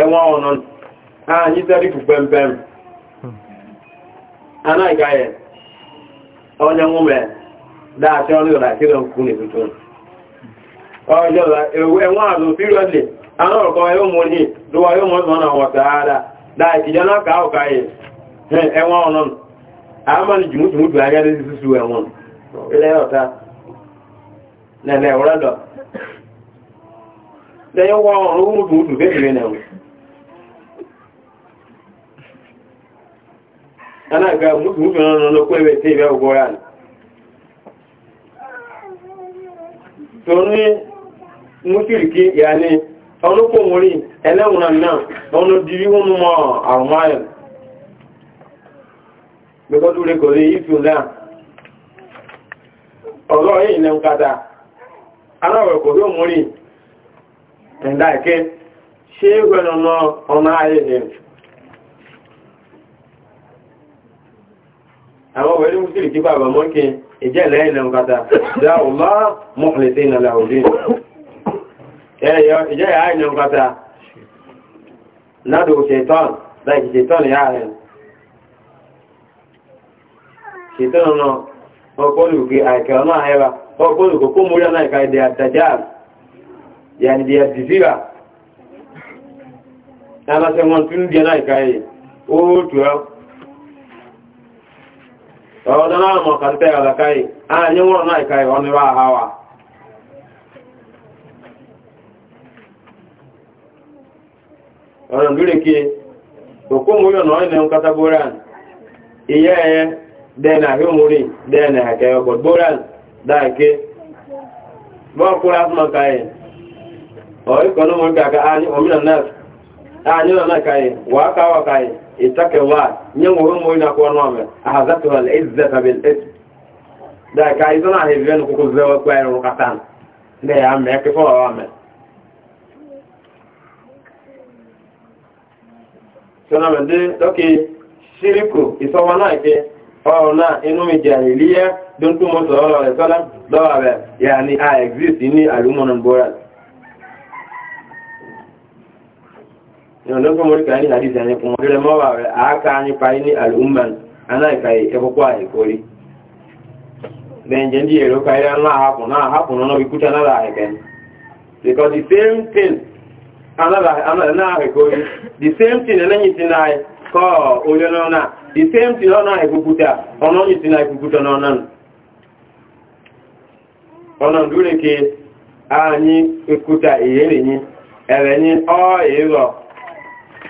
ẹwọ́n ọ̀nà ààyí tẹ́ríkù pẹ́mpẹ́m anáìkáyẹ̀ onye nwúmẹ̀ dáàtí ọdún ìrọ̀lá kílọ̀ kú ní tuntun ọjọ́ ẹwọ́n àzò fírọ́lẹ̀ anọ́rọ̀kọ́ yóò mú ní lówà yóò mọ́ sọ́nà wọ̀ta ara dáàtìjọ́ náà káàkọ́ káyẹ̀ ẹwọ́n ọ̀nà àmàlì jùmútùmútù agẹ́dẹ́ sí sísú ẹwọ́n ilẹ̀ ọ̀ta nẹ̀lẹ̀ ọ̀rẹ́dọ̀ lẹ́yìn wọ́n ọ̀rún mútùmútù bẹ́ẹ̀ ana ga mutu na na ko be te be go yan to ni mushiriki yani onu ko mori ele una na onu diri wonu mo armayan be ko dure ko yi tu na olo yi ne nkata ana we ko mori e ke no no ona aye ni àwọn wẹ̀rí mùsùlùmí tí bàbá na ìjẹ́ lẹ́yìn lẹ́m kata dá ọlá mọ́kànlẹ̀tẹ́ ìnà làwòdí ìjẹ́ yà áyìn lẹ́m kata ládò ṣètọ́n láìkì ṣètọ́n yà rẹ̀ ṣètọ́n náà ọkọlùkì àìkẹ́ ọmọ àyẹ́wà ọkọlùkò kó múrí ọ̀nà ìka ìdẹ̀ àtàjá yàní di àdìsíra lálásẹ́ wọn tún di ọ̀nà ìka yìí ó tù ọ́ ọ̀dọ́ náà mọ̀ kàtẹ́ ọ̀dọ̀káyì ààyè wọ́n náà ìkáyì wọ́n ni wá àháwà ọ̀rọ̀ lúrèké òkú múlò náà ilẹ̀ ń kátà bóran ìyẹ́ ẹ̀yẹ dẹ́nà àhíhùnrí dẹ́nà àkẹyọ bọ̀ bóran dáàké bọ́ọ̀kúrá fún ọkàyì ọ̀ríkọ̀ ní mọ̀ اتقي الله ينغور مو ينا كو نو امه احذته العزه بالاسم ده كايزنا هيفن كو زو كو ní àìgírísì ní àlùmọ́nà bọ́rẹ̀ ìrọ̀lọ́gbọ̀ mọ́ríkà ní àdíjà ní anyị rẹ̀ mọ́wà rẹ̀ àáká nípa ní al'umman aláìka ẹkọ́kọ́ àìkórí bẹ̀yẹn jí èrò káyẹ náà hapùn ndị hapùn náà ikúta náà àìkẹ́ because the same thing e the same thing e, the same thing ọnọ. E anyị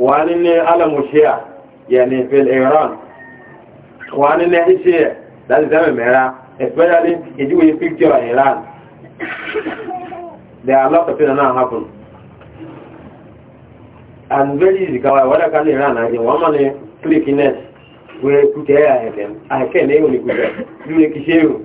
wani ne alamu shiya yani fil iran wani ne ishe that is a mera especially if you picture in iran there are a lot of things now happen and very easy kawai wadda kan iran na yin wama ne click in it where kuke ya hekin a hekin ne yi wani kuke duk ne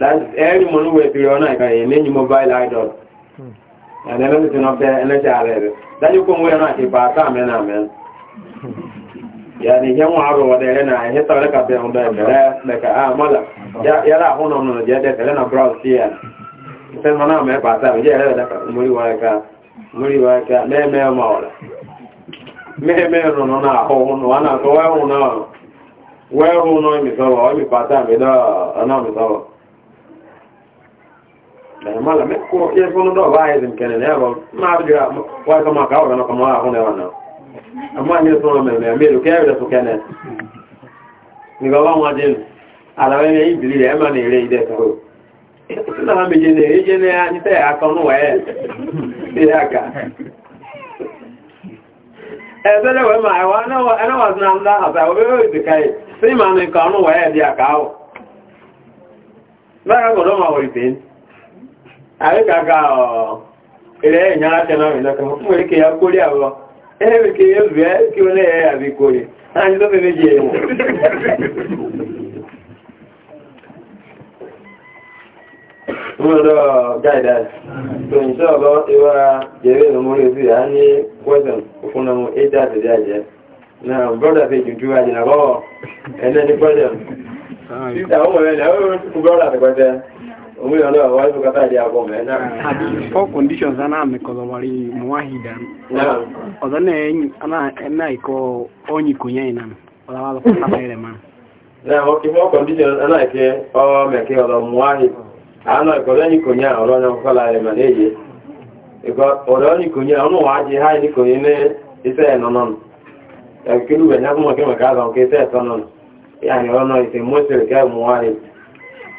That's every money we on it. mobile idol. Hmm. And then it's not there. And That you come with an idea, but I'm an amen. Yeah, the young one over there, and I hit a look at them there, like ya ah, mother. Yeah, yeah, I on the jet, and I here. but uh, I'm here. na ho no ana mala me ko e fono do vai zin kene ne ba ma bjira ko ma ka ora ko ma hone wana amma ni so me me me lo ke da so kene ni ga wa wa ala we ni ibili ma ni re ide na ha ni te a ko no we e se le we ma wa na wa na wa na na ha ba we we de ka no we di aka o ka ga-aga ele nya acha na ọrịa n'aka nwere ike ya kwori abụọ ihe ike ya zuru e ya ike onye ya ya bụ ikwori anyị zo bebe ji enwe mmadụ gaida to nso ọgọ iwa jere ezumuri ozi ya anyị kwezon ofunamu na fi na na bụ Muri ono wa wazo kata ya na. Adi four conditions ana amekolowari muwahida. Na. Odane ana na iko onyi kunye na. Ola wala kwa kata ile man. Na o ki four conditions ana ke o meke ola muwahid. Ana ko onyi kunye ola na kola ile maneje. Iko ola onyi kunye ono waje hai ni kunye ne ise Ya kilu benya kuma kema kaza onke ise nonon. Yani ono ise mwese ke muwahid.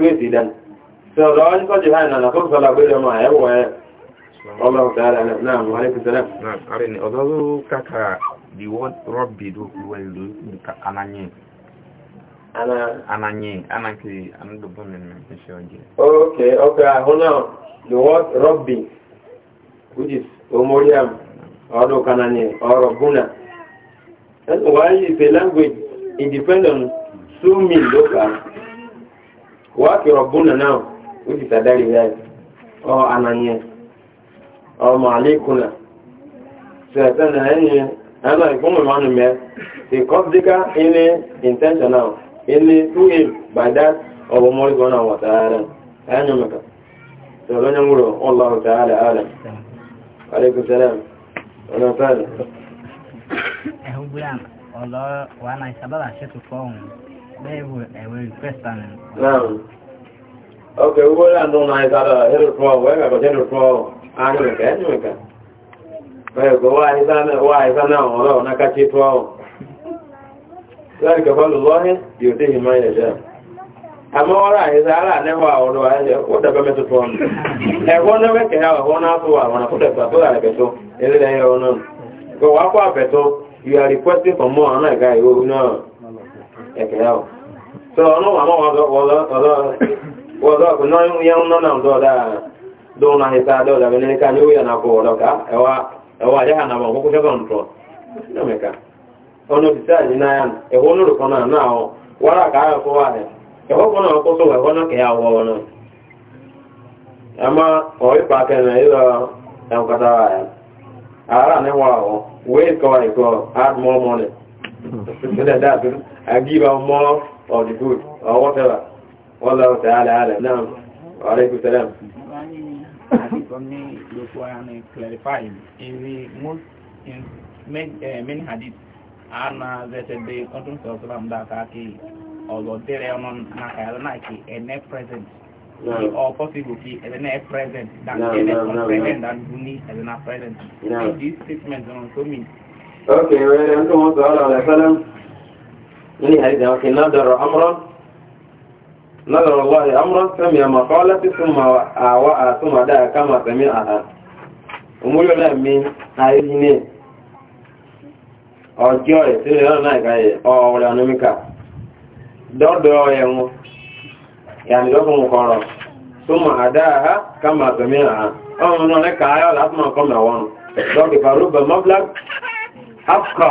president sọ̀rọ̀ ọ́n kọ́ jìhá ìnàlá kó sọ́lá gbẹ́rẹ̀ máa ẹ̀wọ̀ ẹ̀ ọlọ́run tààrà náà mọ̀ alẹ́kùnsẹ́lẹ̀ ọ̀dọ́rọ̀ kàkà the word rugby ló wẹ̀ ló nìka ananyẹ ananyẹ ananyẹ anadọ̀bọ̀ mi nà ẹ̀ṣẹ̀ ok ok the word rugby which is omoriam ọdún kananyẹ ọrọ̀ gúnà why is a language independent so mean local wake rabbuna nao hizi tadali ya au ananye au maalikuna sasa yenye ana ikomo maana me the qadika in intentional in to him by that of Omar Gona wa taala ayo maka, so lonya ngulo Allah taala alam alaykum salam ana taala ehubula Allah wana sababa shetu kwa Naam. Okay, we will not know is a head of where I got head of twelve, Anglican, Anglican. Well, go why is Láti kẹfà lọ́wọ́ ní yóò dé ìmọ̀ ìrẹ̀jẹ́. Àmọ́ ọ̀rá ìṣẹ́ ara nẹ́wà ayẹyẹ ó dẹ̀bẹ̀ mẹ́tò tó ọ̀nà. Ẹ̀wọ́n náà wẹ́kẹ̀ àwọn náà tó wà wọn àkútẹ̀ tó àrẹ̀kẹ̀ tó, eré ẹ̀kẹ́ yàwó so ọlọ́wọ́ àmọ́ wọ́dọ̀ kò náà yẹn náà náà dọ́ọ̀dá dọ́ọ̀nà hìta dọ́ọ̀dá bẹ̀rẹ̀ ní káyọ̀ yẹn náà kó wọ́dọ̀ ká ẹwà ẹwà ayé na náà wọ́n kó hmm. sẹ́kọ̀ and give out more of the good or whatever. Wallahu ta'ala alam. Naam. Wa alaykum salam. clarifying in the most in many, many hadith ana zete de kontun sa salam da ka ki ọlọ dẹrẹ ọmọ náà ẹ̀rọ náà kí ẹ̀nẹ́ present kí ọ possible kí ẹ̀nẹ́ present than ẹ̀nẹ́ present than you need ẹ̀nẹ́ present. No. this statement ọ̀nà tó mi. okay wẹ́rẹ́ ń tó wọ́n sọ ọ́ lọ́wọ́ ẹ̀fẹ́ lẹ́nu. من حديث ولكن نظر أمرا نظر الله أمرا سمع مقالة ثم أعواء ثم دعا كما سمعها ومولو من هايين ọjọ́ ìsinmi náà ìgbàyẹ̀ ọ̀rẹ́ ọ̀nàmíkà dọ́dọ̀ ẹ̀wọ̀n ìyàmìlọ́kùn kọ̀rọ̀ súnmọ̀ àdáhà kama àtọ̀mí àhá ọmọ náà lẹ́kàá ayọ́ látùmọ̀ kọ́mẹ̀wọ̀n dọ́kì farúbẹ̀ mọ́blák hapkọ̀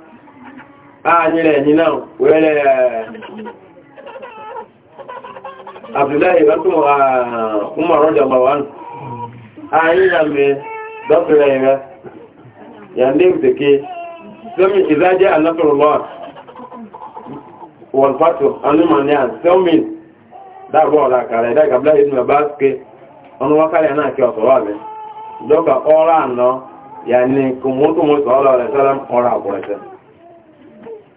ààyìnlẹ̀ ah, ẹ̀yìn náà wẹ́rẹ̀ abdullahi bàtún ọmọ ọ̀rọ̀dọ̀ mawan ààyìnlẹ̀ mẹ́ dọ́kùnrin rẹ̀ yàndé ìsèké sọ́mí ìzájẹ́ anáfẹ́rọ̀lọ́ wọ̀lfàtò anúmọ̀nìyàn sọ́mí dábọ̀ ọ̀la kàrẹ̀ dáka abdullahi ibn abbas pé ọ̀nà wákàrẹ̀ náà kí ọ̀sọ̀ wà mẹ́ dọ́kà ọ̀rọ̀ àná yàní kùmùtùmù sọ̀rọ̀ rẹ̀ sọ́lá ọ̀rọ̀ àbúrẹ̀sẹ̀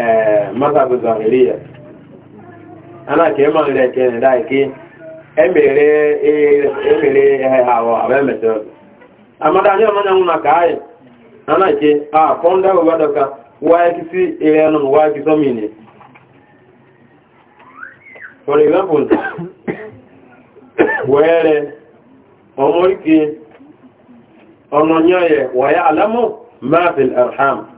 Eh, mazhabu zahiriya ana ke ma re ke ne da ke emere emere hawo abemeto amada ni amana una kai ana ke a konda wa doka waya kisi ile no waya e kiso mini for example were omoriki ononyoye wa ya alamu ma fil arham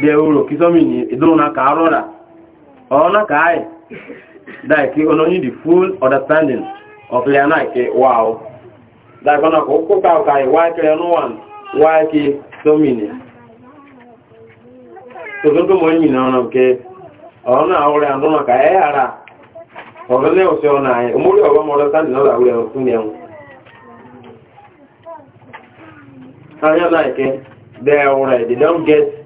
de euro kisomini ni na ka arora or na ka ai dai ki ono ni the full understanding of leana ke wow dai kono ko ko ka ka why ke no one why ki somi ni to mo ni na no ke or na ore ando na ka e ara or le o se ona e mo le o mo le tan no la ure o ni en Aya like they already don't get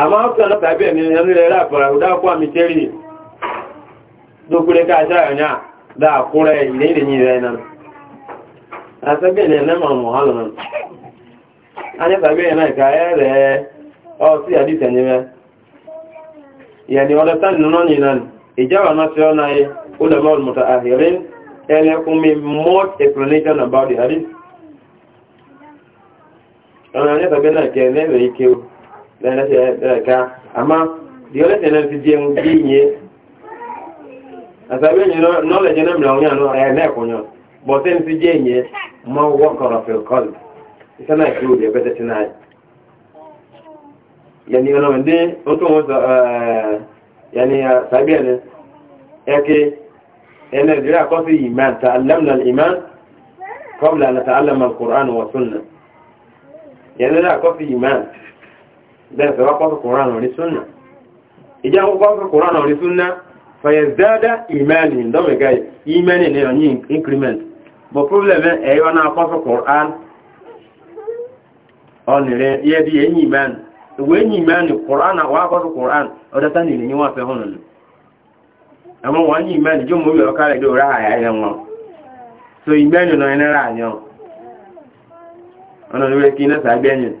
àmọ́ ọ̀kan náà tàbí ẹ̀mí ẹnu lẹ́rẹ́ àpàrà ọ̀dá ọkọ̀ àmì tẹ́rì lókúrẹ́ káàṣà ẹ̀yà dáàkúrẹ́ ilé ìrìnyìn rẹ̀ náà àtẹ́bẹ̀ẹ̀lẹ̀ lẹ́mọ̀ mọ̀hálùmọ̀ anẹ́tàbẹ̀ẹ̀ náà ìkà ẹ̀rẹ̀ ọ sí àdìsẹ̀ ní rẹ̀ ìyẹni ọlọ́tàn nínú ní náà ìjáwà náà sí ọ́nà ayé ó lẹ́mọ̀ olùmọ̀ta àhìrín ẹlẹ́kùn mi more explanation about the hadith ọ̀nà anẹ́tàbẹ̀ẹ̀ náà kẹ́ ẹ̀lẹ́rẹ̀ ike o ka amma diole tene ti je mu binye asabe ni no no le jena mla onya no e na kunyo bo ten ti je nye ma wa qara fil qalb isana ku de beta tinai yani ono mende oto mo eh yani sabia ne yake ene dira ko fi iman ta'allamna al iman qabla an nata'allama al qur'an wa sunnah yani da ko fi iman ده سواء قصر القرآن والسنة إذا هو قصر القرآن والسنة فيزداد إيمان ده مجاي إيمان يعني increment but problem أيوة أنا قصر القرآن ọ̀nìrẹ̀ yẹ́ bí ẹ̀yìn ìmáàni ìwé ẹ̀yìn ìmáàni kọ̀rán àwọn akọ́sù kọ̀rán ọdọ́ta nílẹ̀ ní wọ́n fẹ́ hùn nù ẹmọ wọ́n yìí ìmáàni jọ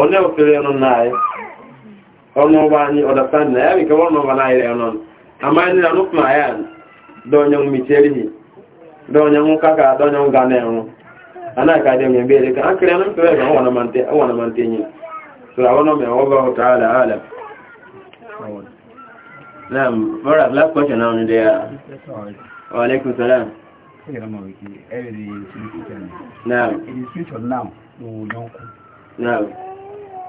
ọ̀nà òkèlè ẹnu náà ọ̀nà ọba anyị ọ̀dọ̀tàn na ya nke ọ̀nà ọba náà ẹnu àmà ẹni na nukwu na ya dọ̀nyẹ ń mìtìrì hì dọ̀nyẹ ń kaka dọ̀nyẹ ń ga ana ka dị mmemme ebe ka akịrị ẹnu na mante nyi so àwọn ọmọ ẹ̀wọ́ bá ọ̀tà àlà àlà Naam, Mọ́ra, last question now in there. Wa alaikum salam. Naam. It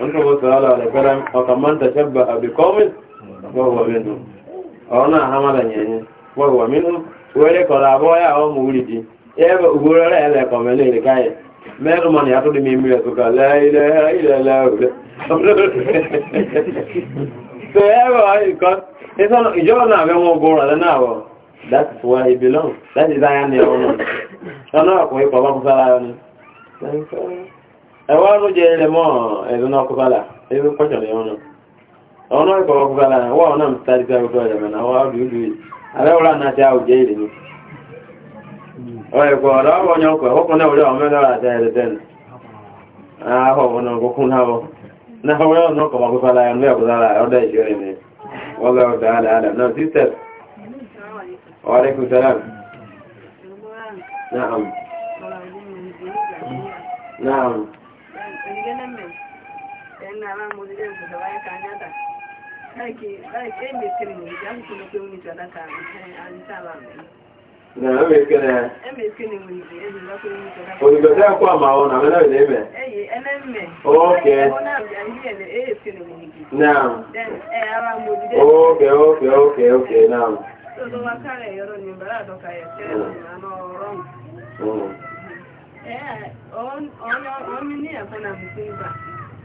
wọ́n tó bọ́ sọ́ọ́lọ́ ọ̀lẹ́gbẹ́lá ọkàmọ́ tẹ̀ ẹwà ló jẹ ilẹ̀ mọ́ ẹ̀dùn náà kúbálà ebi pọ́jọ̀ ní ọ̀nà ọ̀nà ìkọ̀wọ̀ kúbálà wà ọ̀nà mùsàdì sí àwùjọ ẹ̀mẹ̀ náà wà áwùjọ ìlú yìí alẹ́wọ̀lá náà ti àwùjẹ ilẹ̀ ní ọ̀ẹ̀kọ̀ ọ̀dọ́ àwọn ọ̀nyọ́ ọkọ̀ ẹ̀kọ́ náà wọlé ọ̀mẹ́ lọ́rọ̀ àti ẹ̀rẹ̀ tẹ́nu ahọ̀ yara mu ya ka anya ne ya fi kuma na na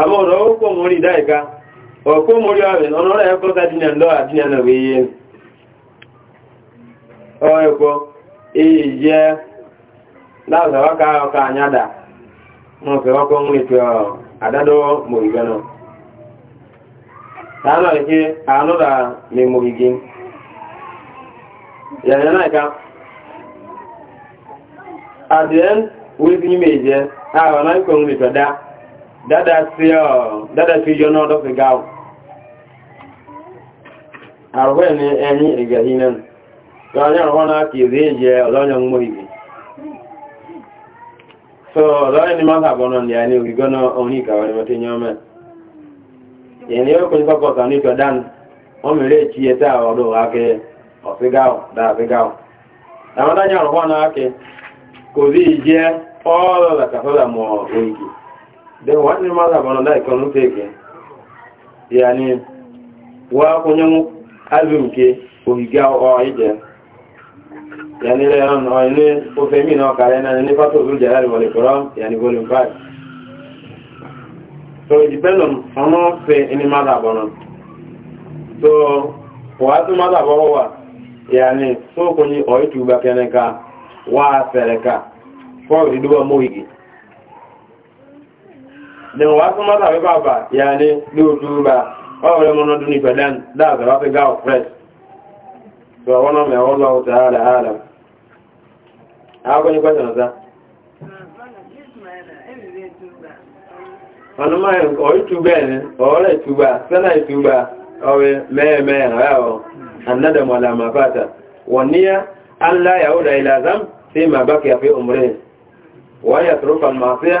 àmọ́ ọ̀rọ̀ ó kò mórí dáìka ọ̀kó mórí ọ̀rẹ̀ ọ̀nà ọ̀rẹ́ ẹ̀kọ́ sàdínà lọ àdínà náà wéyé ọ̀ẹ̀kọ́ èyí jẹ́ láàzọ̀wọ́ká ọkà ànyádà wọn fẹ́ ọkọ̀ ń rìn pẹ̀ àdádọ́ mòrìgẹ́ náà tààlọ́ ìké àánúra lè dada si yọ náà dọ́fẹ́ gáwọ̀ àrùwẹ́ ni ẹni ìgbẹ̀hí náà tó ọjọ́ ọ̀rọ̀ náà kìí eji jẹ ọlọ́yàn mú ìgbẹ̀ so ọlọ́yìn ni máa sàbọ̀ náà ní ẹni ògigọ́nà òun ìkàwà ni mọ́tí yọ mẹ́ ìní ó kún kọ́kọ́ sàn ní jordan wọ́n mẹ́rẹ́ Na ẹ tá ọdọ̀ wákẹ́ ọ̀fígáwọ̀ dáàfígáwọ̀ àwọn dájọ́ ọ̀rọ̀ náà kẹ kò rí de wani mara bana da kanu teke yani wa kunyan album ke o higa o ide yani le ran o ni o femi na kare na ni fato dul jalal wal ikram yani volume 5 so it depends on ono fe ni mara bana so wa tu mara bana wa yani so kunyi o itu ba keneka wa fereka ko riduwa mo higi daga wasu mata bai ba ba ya ne lóòtú ba ọwọ́lẹ̀ mọ́nà dún ìfẹ̀lẹ́n dáàbẹ̀ wá fi gáà fred tó àwọn ọmọ ẹ̀wọ́n lọ́wọ́ tó hálà hálà akọ́ni pẹ́sẹ̀ nọ́ta ọ̀nàmọ́ ọ̀rí túbẹ̀ ni ọ̀rẹ́ túbà sẹ́nà ìtúbà ọ̀rẹ́ mẹ́ẹ̀mẹ́ ọ̀rẹ́wọ̀ annádàmọ̀lá mafata wọ̀n níyà an láyàwó da ilazam sí ma bá kí a fi umarin wọ́n yà turufa mafiya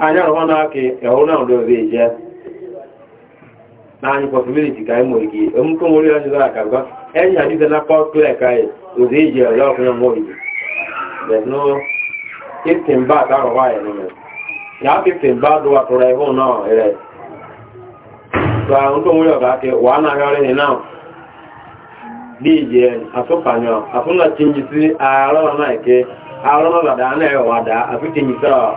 anya rọwa n'aka aka n'anyị e pọsibiliti ka anyị mụrụ gị emuke nwere aka gwa enyi na pọt klek anyị ụzọ e ọrịa na mmụọ igbo but no ya tụrụ nke nwere ọga aka wa asụpanyọ asụna na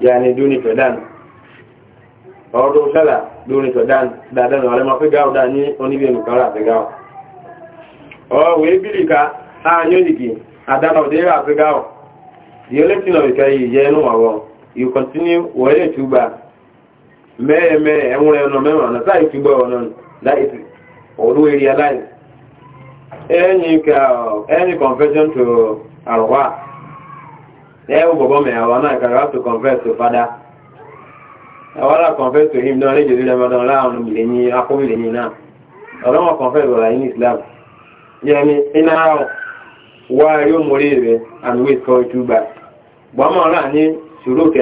yani duni to dan ọdún sẹ́là duni to dan dáadáa ní ọlẹ́mọ́ pé gáwọ́ dáa ní oníbí ẹnukọ́rọ̀ àti gáwọ́ ọwọ́ ebìrì ká ààyàn ìdìgì àdánà òdé àti gáwọ́ the election of you continue wọ́n yẹ túgbà mẹ́ẹ̀mẹ́ ẹ̀wọ̀n ẹ̀nà mẹ́wàá náà sáà any confession to àrùwá there eh, me Awana can have to confess to father. I want to confess to him, knowledge of them, don't allow him to Aku Milini now. I don't I in Islam. Yani, in how, why you and wait to back. Suru e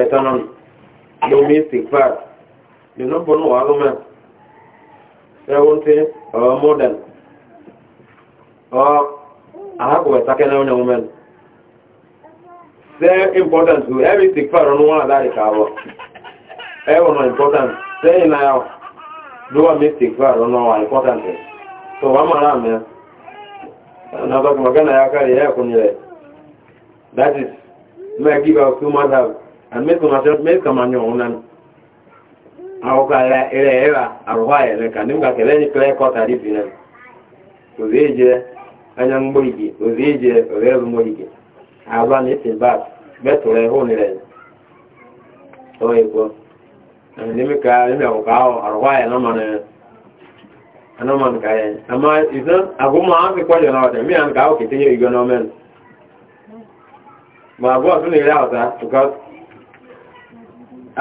modern. say important to every sick far on one that is our everyone important say now do a mistake far on one important so one man am na talk magana ya kare ya kunye that is may give out too much have and make myself make kamanyo unan au kala ile era arwa ile kanimga keleni anya mbo dipine uzije anyangboige uzije mbo mboige àbá ní ti bá bẹ́tù rẹ̀ hó ni rẹ̀ tó ìgbọ́ ẹ̀mí ká ẹ̀mí àwọn ká àrùwá ẹ̀ anọ́mọ̀ nìka yẹn àmọ́ ìsán àgúnmọ̀ àwọn fipọ́ jọ náà ọ̀tẹ̀ mí àwọn káwọ́ kìí tẹ́yẹ ìgbọ́n náà mẹ́rin mà àbúrò tún lè rí àwọ̀tá because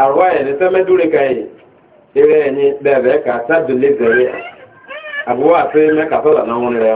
àrùwá ẹ̀ ní sẹ́mẹ́dúrè ká yìí eré bẹ́ẹ̀ bẹ́ẹ̀ ká sábìlì àbúrò àti mẹ́kà náà wọ́n rẹ̀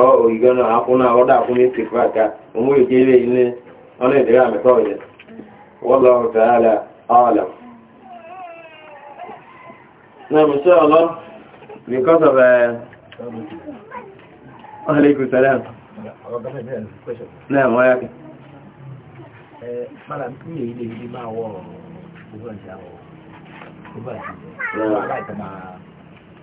ọ òyìnbó náà akúnná ọdọ akúnná ètò ìfúráka òun yóò jẹ ilé ilé ọ̀nà ìdíra àmì kọ́ ọ̀yẹ wọ́n lọ tààlà ọ̀là. náà mo sọ ọlọ because of uh, eh, aleykum salam. náà mo yá kí. mara mi yẹ ilé ilé máa wọ ọ̀rọ̀ ọ̀rọ̀ ìjà ọ̀rọ̀ ìjà ọ̀rọ̀ ìjà ọ̀rọ̀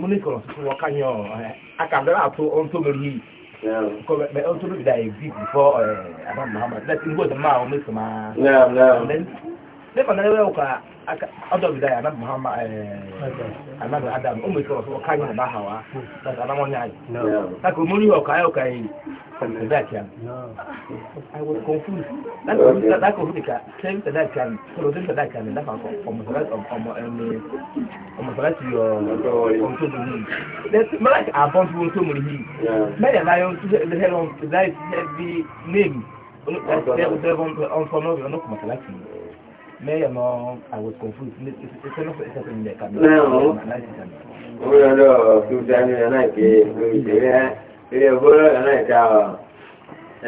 mune kɔrɔ tuntun wɔ ka nyɛ ɔ eh, a ka bɛrɛ a to ɔn to mɛri yi kɔmi mɛ ɔn to mɛri da ye bi bi fɔ ɛɛ a de ma o mi sɔn ọjọ́ ìdá yà anábì muhammad anábì adam ó mẹ́tọ́ ọ̀ká yẹn bá hàwá láti anáwọ̀ ní àyè láti ọmọ orí ọ̀ká yẹ ọ̀ká yìí ọ̀sẹ̀dá àti àmì i was confused láti ọ̀sẹ̀ láti ọ̀sẹ̀ nìkan sẹ́yìn sẹ̀dá àti àmì sọ̀rọ̀ sẹ́yìn sẹ̀dá àti àmì láfa ọmọọ̀sọ̀rọ̀ ti yọ ọ̀hún tó dùn yìí mẹ́lẹ̀kì àbọ̀n tó tó mọ̀ yìí mẹ́lẹ̀ láyọ̀ tó ṣe ẹ̀ẹ́dẹ́gbẹ̀rún Mayor Mom, I was confused. It's enough for itself in the cabinet. No. Ó yọ lọ fífúta ní ọ̀nà ìké ìṣeré ẹ́ ilé ọgbọ́rọ̀ ọ̀nà ìka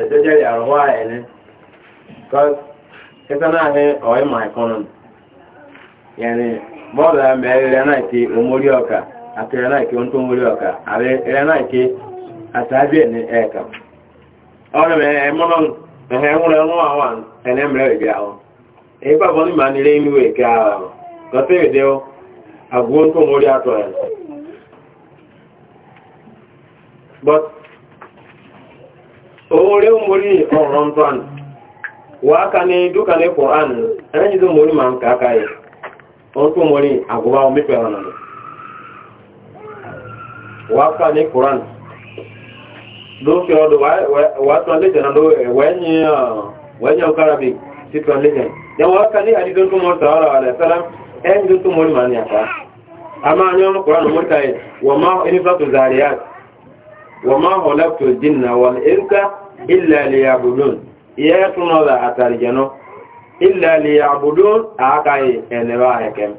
ẹ̀sẹ̀ jẹ́ àrùwá ẹ̀ ní. Kẹ́sán náà ní ọ̀rẹ́ màá kan nù. Yẹ̀ni bọ́ọ̀lù ẹ̀mẹ́ ẹ̀rẹ́ náà ìké òmórí ọ̀kà àti ẹ̀rẹ́ náà ìké ohun tó ń mórí ọ̀kà àbẹ́ ẹ̀rẹ́ náà ìké àtàbí ẹ̀ ní ẹ̀ẹ̀kà. Ọ̀rẹ́ mẹ́ ẹ̀mọ́nà ẹ̀hẹ́ ń rẹ̀ ń wà wà ẹ̀lẹ́mìíràn ìgbé àwọn. ebe abụọ ma nire imi wee ke ahụ gọta ede agwụọ nkụ mori atọ ya but omori omori ọhụrụ ntọ anụ wa aka ni duka ni qur'an ana jizo mori man ka kai on ko mori aguba o mi pe ona wa aka ni qur'an do ke odo wa wa to le jana do e, wenye wenye ukarabi títọ́ lẹ́yìn yẹn wọ́n ká ní àdídọ́ tó mọ́ sọ̀rọ̀ àlẹ́ sọ́lá ẹni tó tó mọ́ ìmọ̀ ní àpá a máa ní ọmọ kọ̀ọ̀nù mọ́ta yìí wọ́n máa ẹni sọ́tò zaria wọ́n máa họ̀lẹ́ tó dín náà wọ́n ẹ̀ka ilẹ̀ ilẹ̀ àbùdún ìyẹ́ tún náà là àtàrìjẹ náà ilẹ̀ ilẹ̀ àbùdún àákàyè ẹ̀nẹ̀rọ àhẹ̀kẹ́m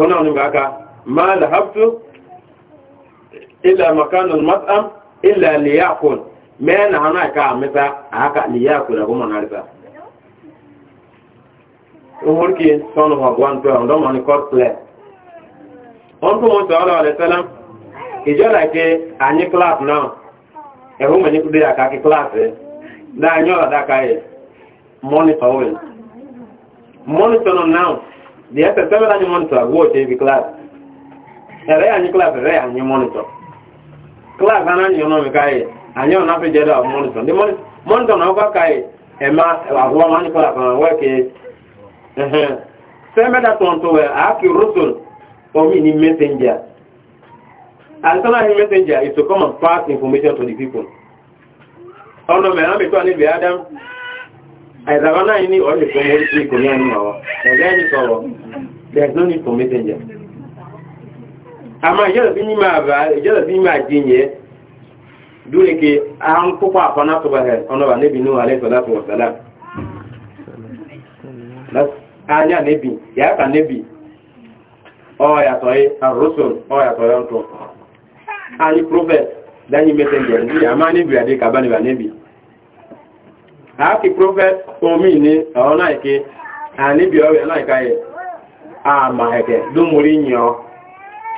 anyi àrùwọ̀n illa makanul mat'am illa liyakul mena hana ka amita haka liyakul ko man arisa umur ki sonu wa gwan to ndo man ko ple on ko mo sala alayhi salam ijara ke anyi class na e ho mani kude aka ki class e da anyo da ka e monitor we monitor no Di the other seven anyi monitor go to the class ere anyi class ere anyi monitor class anan yo no mi kai anyo na pe jeda monitor de monitor monitor na ka kai e ma ahwa man ko la kan wa ke eh se me da ton to a ki rusul o mi ni messenger altana ni messenger is to come and pass information to the people ono me na me to ani be adam aizabana ini o le ko mo ri ko ni ani wa e ga ni so there is no need for messenger amma jalabi ni ma ba jalabi ma jinye dole ke an ko kwa fana to ba he ono ba nabi ale alayhi salatu wa salam anya nabi ya ka nabi o ya to e ar-rusul o ya to yanto ani prophet dani messenger ni amma nabi ade ka bani ba nabi ha ki prophet o mi ni ona ke ani bi o we na ka ye a ma heke do muri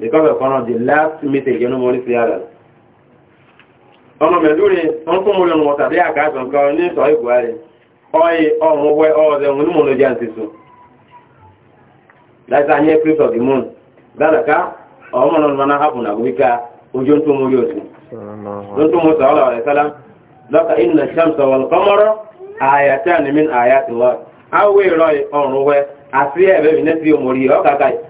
because of one of the last meeting you know money for others ọmọ mẹlúre wọn fún mi lọnà wọta ní sọ ìbuhari ọyẹ ọrùn wẹ ọọdẹ wọn ní láti christ of the moon gbàdàká ọmọ náà nìmọ hapun àbúríkà ojú tó mú yóò sí tó mú sọlọ ọrẹ sálá lọkà ìnà kọmọrọ wẹ àti mi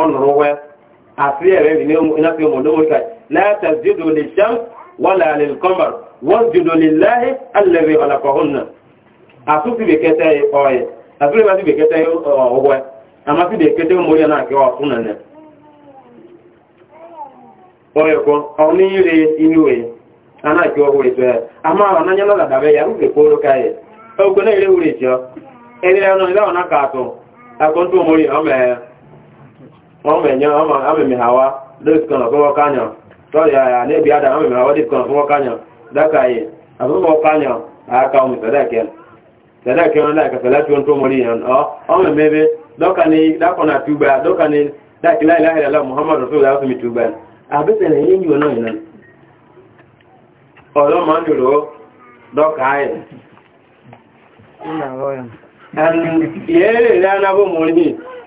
ọnụrụ wee asị ya rere ụmụ n'ụmụ ka lata zido le wala alil wọn zido le lahi alere asụsụ beketa ọyị asụsụ masị beketa ya amasị beketa ụmụ ya na-akị na nne ọyọkọ ọnụ ire ya ama ọ n'anya ya ka ya na-ere wuru echi ọ ọ na-akọ ya ọ ọmọ ẹ̀yàn ọmọ amẹ̀mẹ̀háwá lóòsìkan ọ̀fẹ́wọ́ kányàn tọ́lẹ̀ àyà níbi adam amẹ̀mẹ̀háwá lóòsìkan ọ̀fẹ́wọ́ kányàn dákàáyè àfẹ́wọ́ kányàn àáka omi sẹ̀dẹ̀kẹ́ sẹ̀dẹ̀kẹ́ wọn láìka sẹ̀lẹ́tì ohun tó mọ̀rí yẹn ọ ọmọ mẹ́bẹ́ dọ́kàní dákọ̀nà muhammad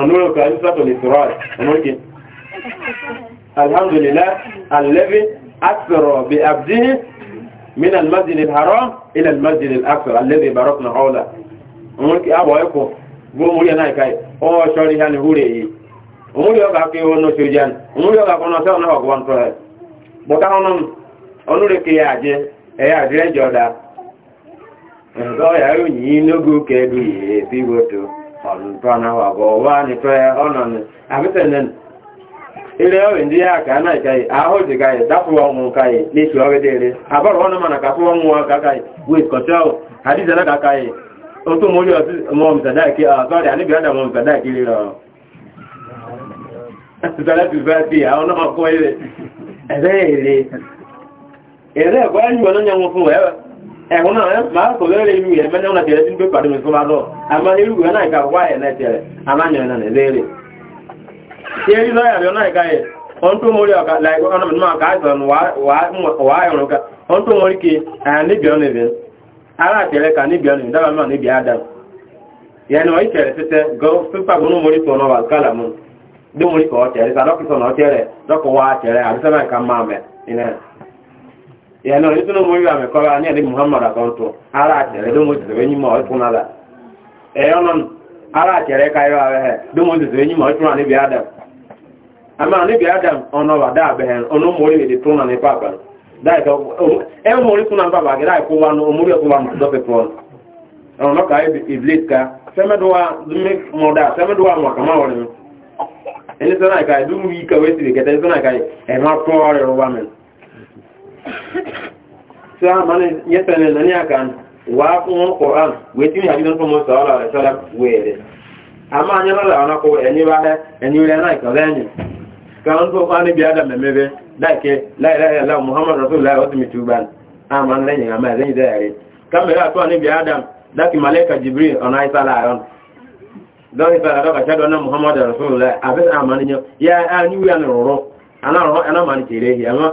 ọ̀nà ka ìsọ́tọ̀ lè tọrọ rẹ̀ ọmọdé alhamdulillah alẹ́bí asọ̀rọ̀ bí Abdihi, min almasjid alharam ila almasjid alaqsa alladhi barakna hawla ọmọdé abọ̀ ẹ̀kọ́ gbọ́ mú yẹn náà káyẹ̀ ọmọ ṣọ́rí hàn húrẹ̀ yìí ọmọdé ọ̀gá kí wọn náà ṣojú yẹn ọmọdé ọ̀gá kan náà sẹ́wọ̀n náà ọ̀gbọ́n tó rẹ̀ bọ́tá wọn ọ̀nùrẹ̀ ya yìí ọ̀nàtọ́nàwà bọ̀ wá ní tọ́ ẹ ọ̀nà ni àbísẹ̀lẹ̀n ilẹ̀ ndị ya ka na ikaghị ahụ dị gaghị dapụrụ ọnwụ kaghị n'etu ọgịdịrị abọrọ ọnụ mana ka fụrụ ọnwụ aka kaghị wet kọchọọ hadizana ka kaghị otu mori ọtụ mọm sadaki ọtọrị anị bịa da mọm sadaki rịrọ sadaki vati ahụ na ọkụ ire ere ere ere ekwe anyị nwere onye nwụfụ wee Ehu náà máa kò lẹ́rẹ̀ inú yẹ mẹ́lẹ́ ọ̀nà tẹ̀lẹ́ tí ń pé pàdé mi fún adọ́ àmà irú ẹ̀ náà ìkàwọ́ ẹ̀ náà tẹ̀lẹ̀ àmáyàn náà lẹ́rẹ̀ tí ẹ rí lọ́yà rẹ̀ náà ìkàyẹ̀ ọ̀n tó mórí ọ̀kà láìkọ́ ọ̀nà mẹ́lẹ́ máa káàkiri wà ẹ̀rùn ká ọ̀n tó ara yẹnu ní sínú mú ìwà mẹ́kọ́ ní ẹ̀dí muhammad àkọ́ntò ara àtẹ̀rẹ̀ ló mú ìtẹ̀rẹ̀ ẹ̀yọ́ nọ ara àtẹ̀rẹ̀ ká yọ abẹ́ ló mú níbi adam àmà níbi adam ọ̀nà wà dáa ọ̀nà mórí èdè tó náà ní pàpà ẹ̀ mórí tó náà pàpà gẹ́gẹ́ àìkú wa mórí ọ̀kú wa dọ́pẹ̀ pọ̀ ọ̀nà ká tí a máa yẹ́ na lọ àkàn wà fún ọ̀rán wé tí rẹ̀ sọ́lá a máa yẹ́ ẹni wá rẹ̀ ẹni rẹ̀ náà ìkọ̀lẹ́ kan tó níbi adam mẹ́mẹ́bẹ́ láìkẹ́ láìláìláì muhammad mi a máa lẹ́yìn àmà ẹ̀lẹ́yìn dẹ́rẹ̀ kámẹ́rà tó níbi adam láti malẹ́kà jibril ọ̀nà ìsàlá àrùn lọ́rí bá àdọ́gà ṣádọ́ náà muhammadu rasulullah àbẹ́sẹ̀ àmà níyàn yá a níwí àná rọ̀rọ̀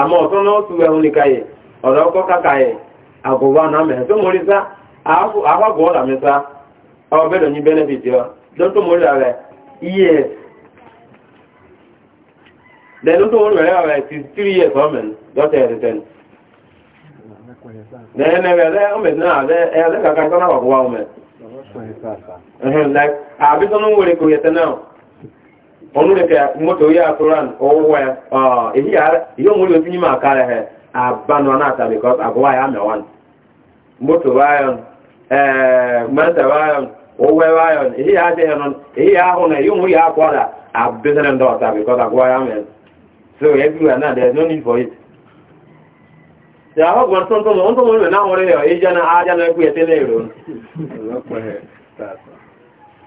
àmọ́ ọ̀tọ́ náà tu ẹ̀hún ní káyẹ̀ ọ̀rọ̀ ọkọ̀ kákàyẹ̀ àgọ̀wà náà mẹ́rin tó mórí sá àwọ̀gọ̀ ọ̀là mi sá ọ̀ bẹ́ẹ̀ ní bẹ́nẹ́fìtì ọ lọ́tọ́ mórí rẹ̀ iye ẹ̀ lẹ́nu tó mórí rẹ̀ rẹ̀ ti tírí yẹ sọ́mẹ̀n lọ́tẹ̀ ẹ̀ tẹ̀lé lẹ́yìn rẹ̀ ọmọdé náà ẹ̀ẹ́dẹ́gbẹ̀ká ọ̀nù moto kẹ́ mọ́tò yà koran ọwọ́ ẹ̀ èyí yàrá yìí n'ime mú ha abanụ yín máa kárẹ̀ ẹ̀ ya ọ̀nà àtà eh, because moto yà mẹ́wàá ni mọ́tò wáyọ̀n mẹ́tà wáyọ̀n ọwọ́ wáyọ̀n na yà dé ya èyí yà ahùn ẹ̀ yóò mú yà kọ́ra àbẹ́sẹ̀lẹ̀ ndọ̀ so everywhere now there is no need for it. ṣe àwọn ọgbọ̀n tó ń tó mọ̀ na nwere mọ̀ ń lò náà wọlé ọ̀ èyí jẹ́ náà ájá náà ẹkú ẹ̀tẹ́lẹ̀ èrò.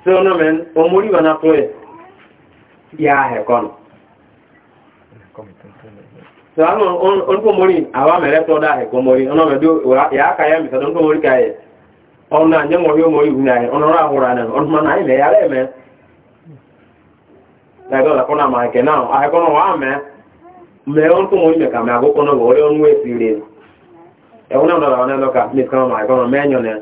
so ya hekon sanu onko mori awa mere to da hekon mori ono me do ya ka ya mi sanu onko mori kai ona nje mo yo mori una he ono ra hora na ono ma na ile ya le me da do la a hekon wa me me me ka me ago kono gore onwe sire e una ona la ona lo ka mi ka ma kono me nyone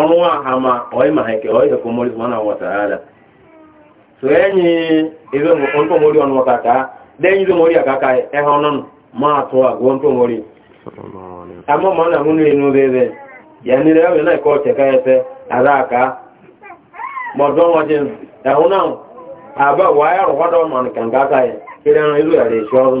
ọnụ ahama ọima heke ọihe komori subhana wa so enyi izo mori ọnụ akaka denyi akaka ehe ọnụ ma atụ mori ama na nwunye enu bebe ya nire ya na ko cheka efe ara aka mọdọ wọn jẹ ẹhun náà àbá wàá yàrá wọdọ ya nìkan káàkiri ẹran ìlú ẹrẹ ìṣọrun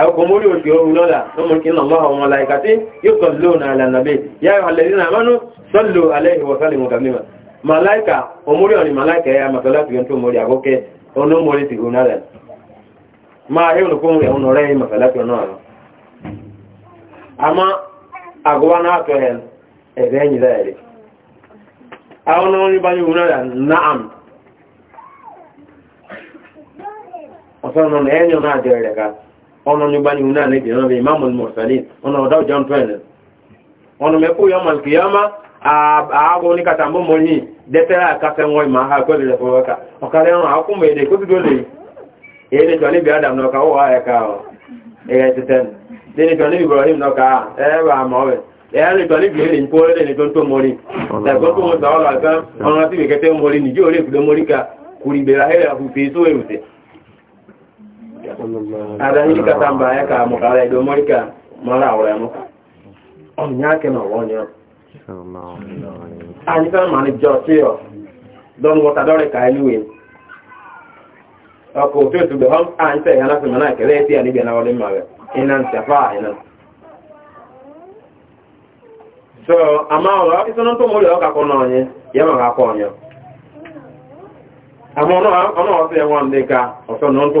akomori ojo ulola ọmọ kí náà lọ́wọ́ ọmọ láìkàtí yóò kọ̀ lóòrùn alànàbí yá alẹ́rí náà mánú sọ́lọ̀ alẹ́rí wọ́sálì mọ̀tàmímà màláìkà omori ọ̀nì màláìkà ya masalasi yóò tó mori àkókẹ́ onómori ti gùn náà máa yóò nùkún rẹ̀ ọ̀nà rẹ̀ masalasi ọ̀nà àrùn àmá àgọ́wá náà tọ́ ẹ̀ ẹ̀rẹ́ ẹ̀yìn láìrí àwọn ọ̀nà bá yóò náà naam ọ̀sán ọ̀nà ẹ̀yìn náà jẹ́ rẹ̀ ká ọ̀nà ní bá ní una ní ìdìran rẹ̀ imam al-mursalin ọ̀nà ọ̀dá ọjọ́ tó ẹ̀nà ọ̀nà mẹ́kú yọ malkiyama ààbò ní katambo mọ́yìn dẹ́tẹ́rẹ́ àkásẹ́ wọn ìmọ̀ ha kọ́ lè fọwọ́ka ọ̀kàlẹ́ ọ̀rọ̀ akún mọ̀ èdè kótó lè èdè jọ níbi adam náà káwọ́ wá ẹ̀ka ọ̀ ẹ̀yẹ títẹ́ dẹ́ni jọ níbi ibrahim náà ká ẹ̀rọ àmọ́ rẹ̀ ẹ̀rọ jọ níbi èdè ìpó rẹ̀ ní tó tó mọ́rí ẹ̀kọ́ tó mọ́ sọ́ọ́lọ́ àgbá ọ̀rọ̀ tí ìkẹtẹ́ mọ́rí nìjí orí ìkúdó mọ́rí ká kùrìgbèrè ahẹ́rẹ́ àfùfẹ́ sóhèrùsẹ̀ adani ka tamba ya ka mu kala do mori ka mara awra mu on nya ke oh, no wonya oh, Anyị ah, ka mani jo ti o don wota dore ka anyway ako to to do anyị an te na se mana ke leti ani bena wale mawe inan safa inan so ama ọ̀rọ̀ ìsọ́nà tó mọ́lẹ̀ ọkà kan náà yẹn yẹ́ màá kọ́ ọ̀yàn àmọ́ ọ̀nà ọ̀sẹ̀ wọn ka ọsọ náà tó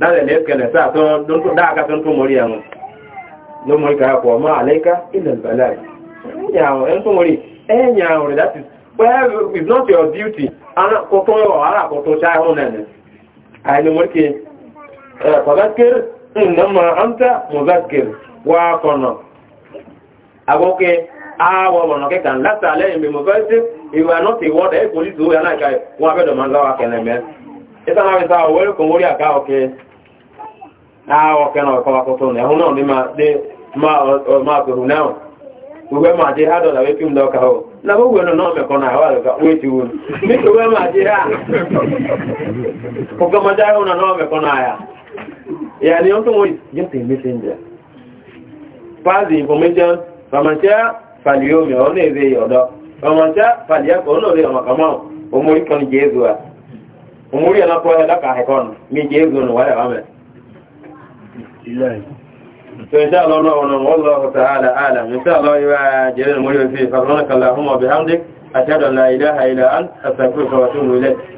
dáre lè kẹlẹ̀ sáà tó dáàkà tó ń tó mọ́rí àwọn ló mọ́ ìkà ma mọ́ àlẹ́ká ilẹ̀ ìbàlẹ̀ ẹ̀yìn tó mọ́rí ẹ̀yìn àwọn rẹ̀ láti well it's not your duty kọ́kọ́ ọ̀hárà kọ́kọ́ ṣáàrùn nẹ̀nẹ̀ àìní mọ́ kí pàdákìr ǹnàmà áńtà mọ́zákìr wà kọ̀nà àgọ́kẹ́ àwọ̀ ọ̀nà kẹta látàlẹ́ ìmẹ̀ mọ́fẹ́sí ìwà náà ti wọ́dẹ̀ ẹ̀kọ́ náà ọkẹ́ náà ọkọ́ wakọ́tọ́ náà ẹ̀hún náà ní máa pẹ̀rù náà gbogbo ẹmọ àti hádọ̀ làwé kí n dọ́ka ọ lábọ́ gbogbo ẹnu náà mẹ́kọ́ náà wà lọ́ka wé ti wù ní gbogbo ẹmọ àti há ọgbọ́n mọ́já ẹ̀hún náà mẹ́kọ́ náà yà yà ni ó tún wọ́n just a messenger pass the information fàmàṣẹ́ fàlíọ́mì ọ̀ náà èzè ọ̀dọ́ fàmàṣẹ́ fàlíọ́kọ̀ ọ̀ náà èzè ọ̀mọ̀kàmọ́ òmórí kan jésù à òmórí ẹ̀ náà kọ́ ẹ̀ lọ́ka àìkọ́nù mi jésù nù wáyà wámẹ́ الله فإن شاء الله نعلم والله تعالى أعلم إن شاء الله يبقى جلال المريد فيه فضلنك اللهم وبحمدك أشهد أن لا إله إلا أنت أستغفرك وأتوب إليك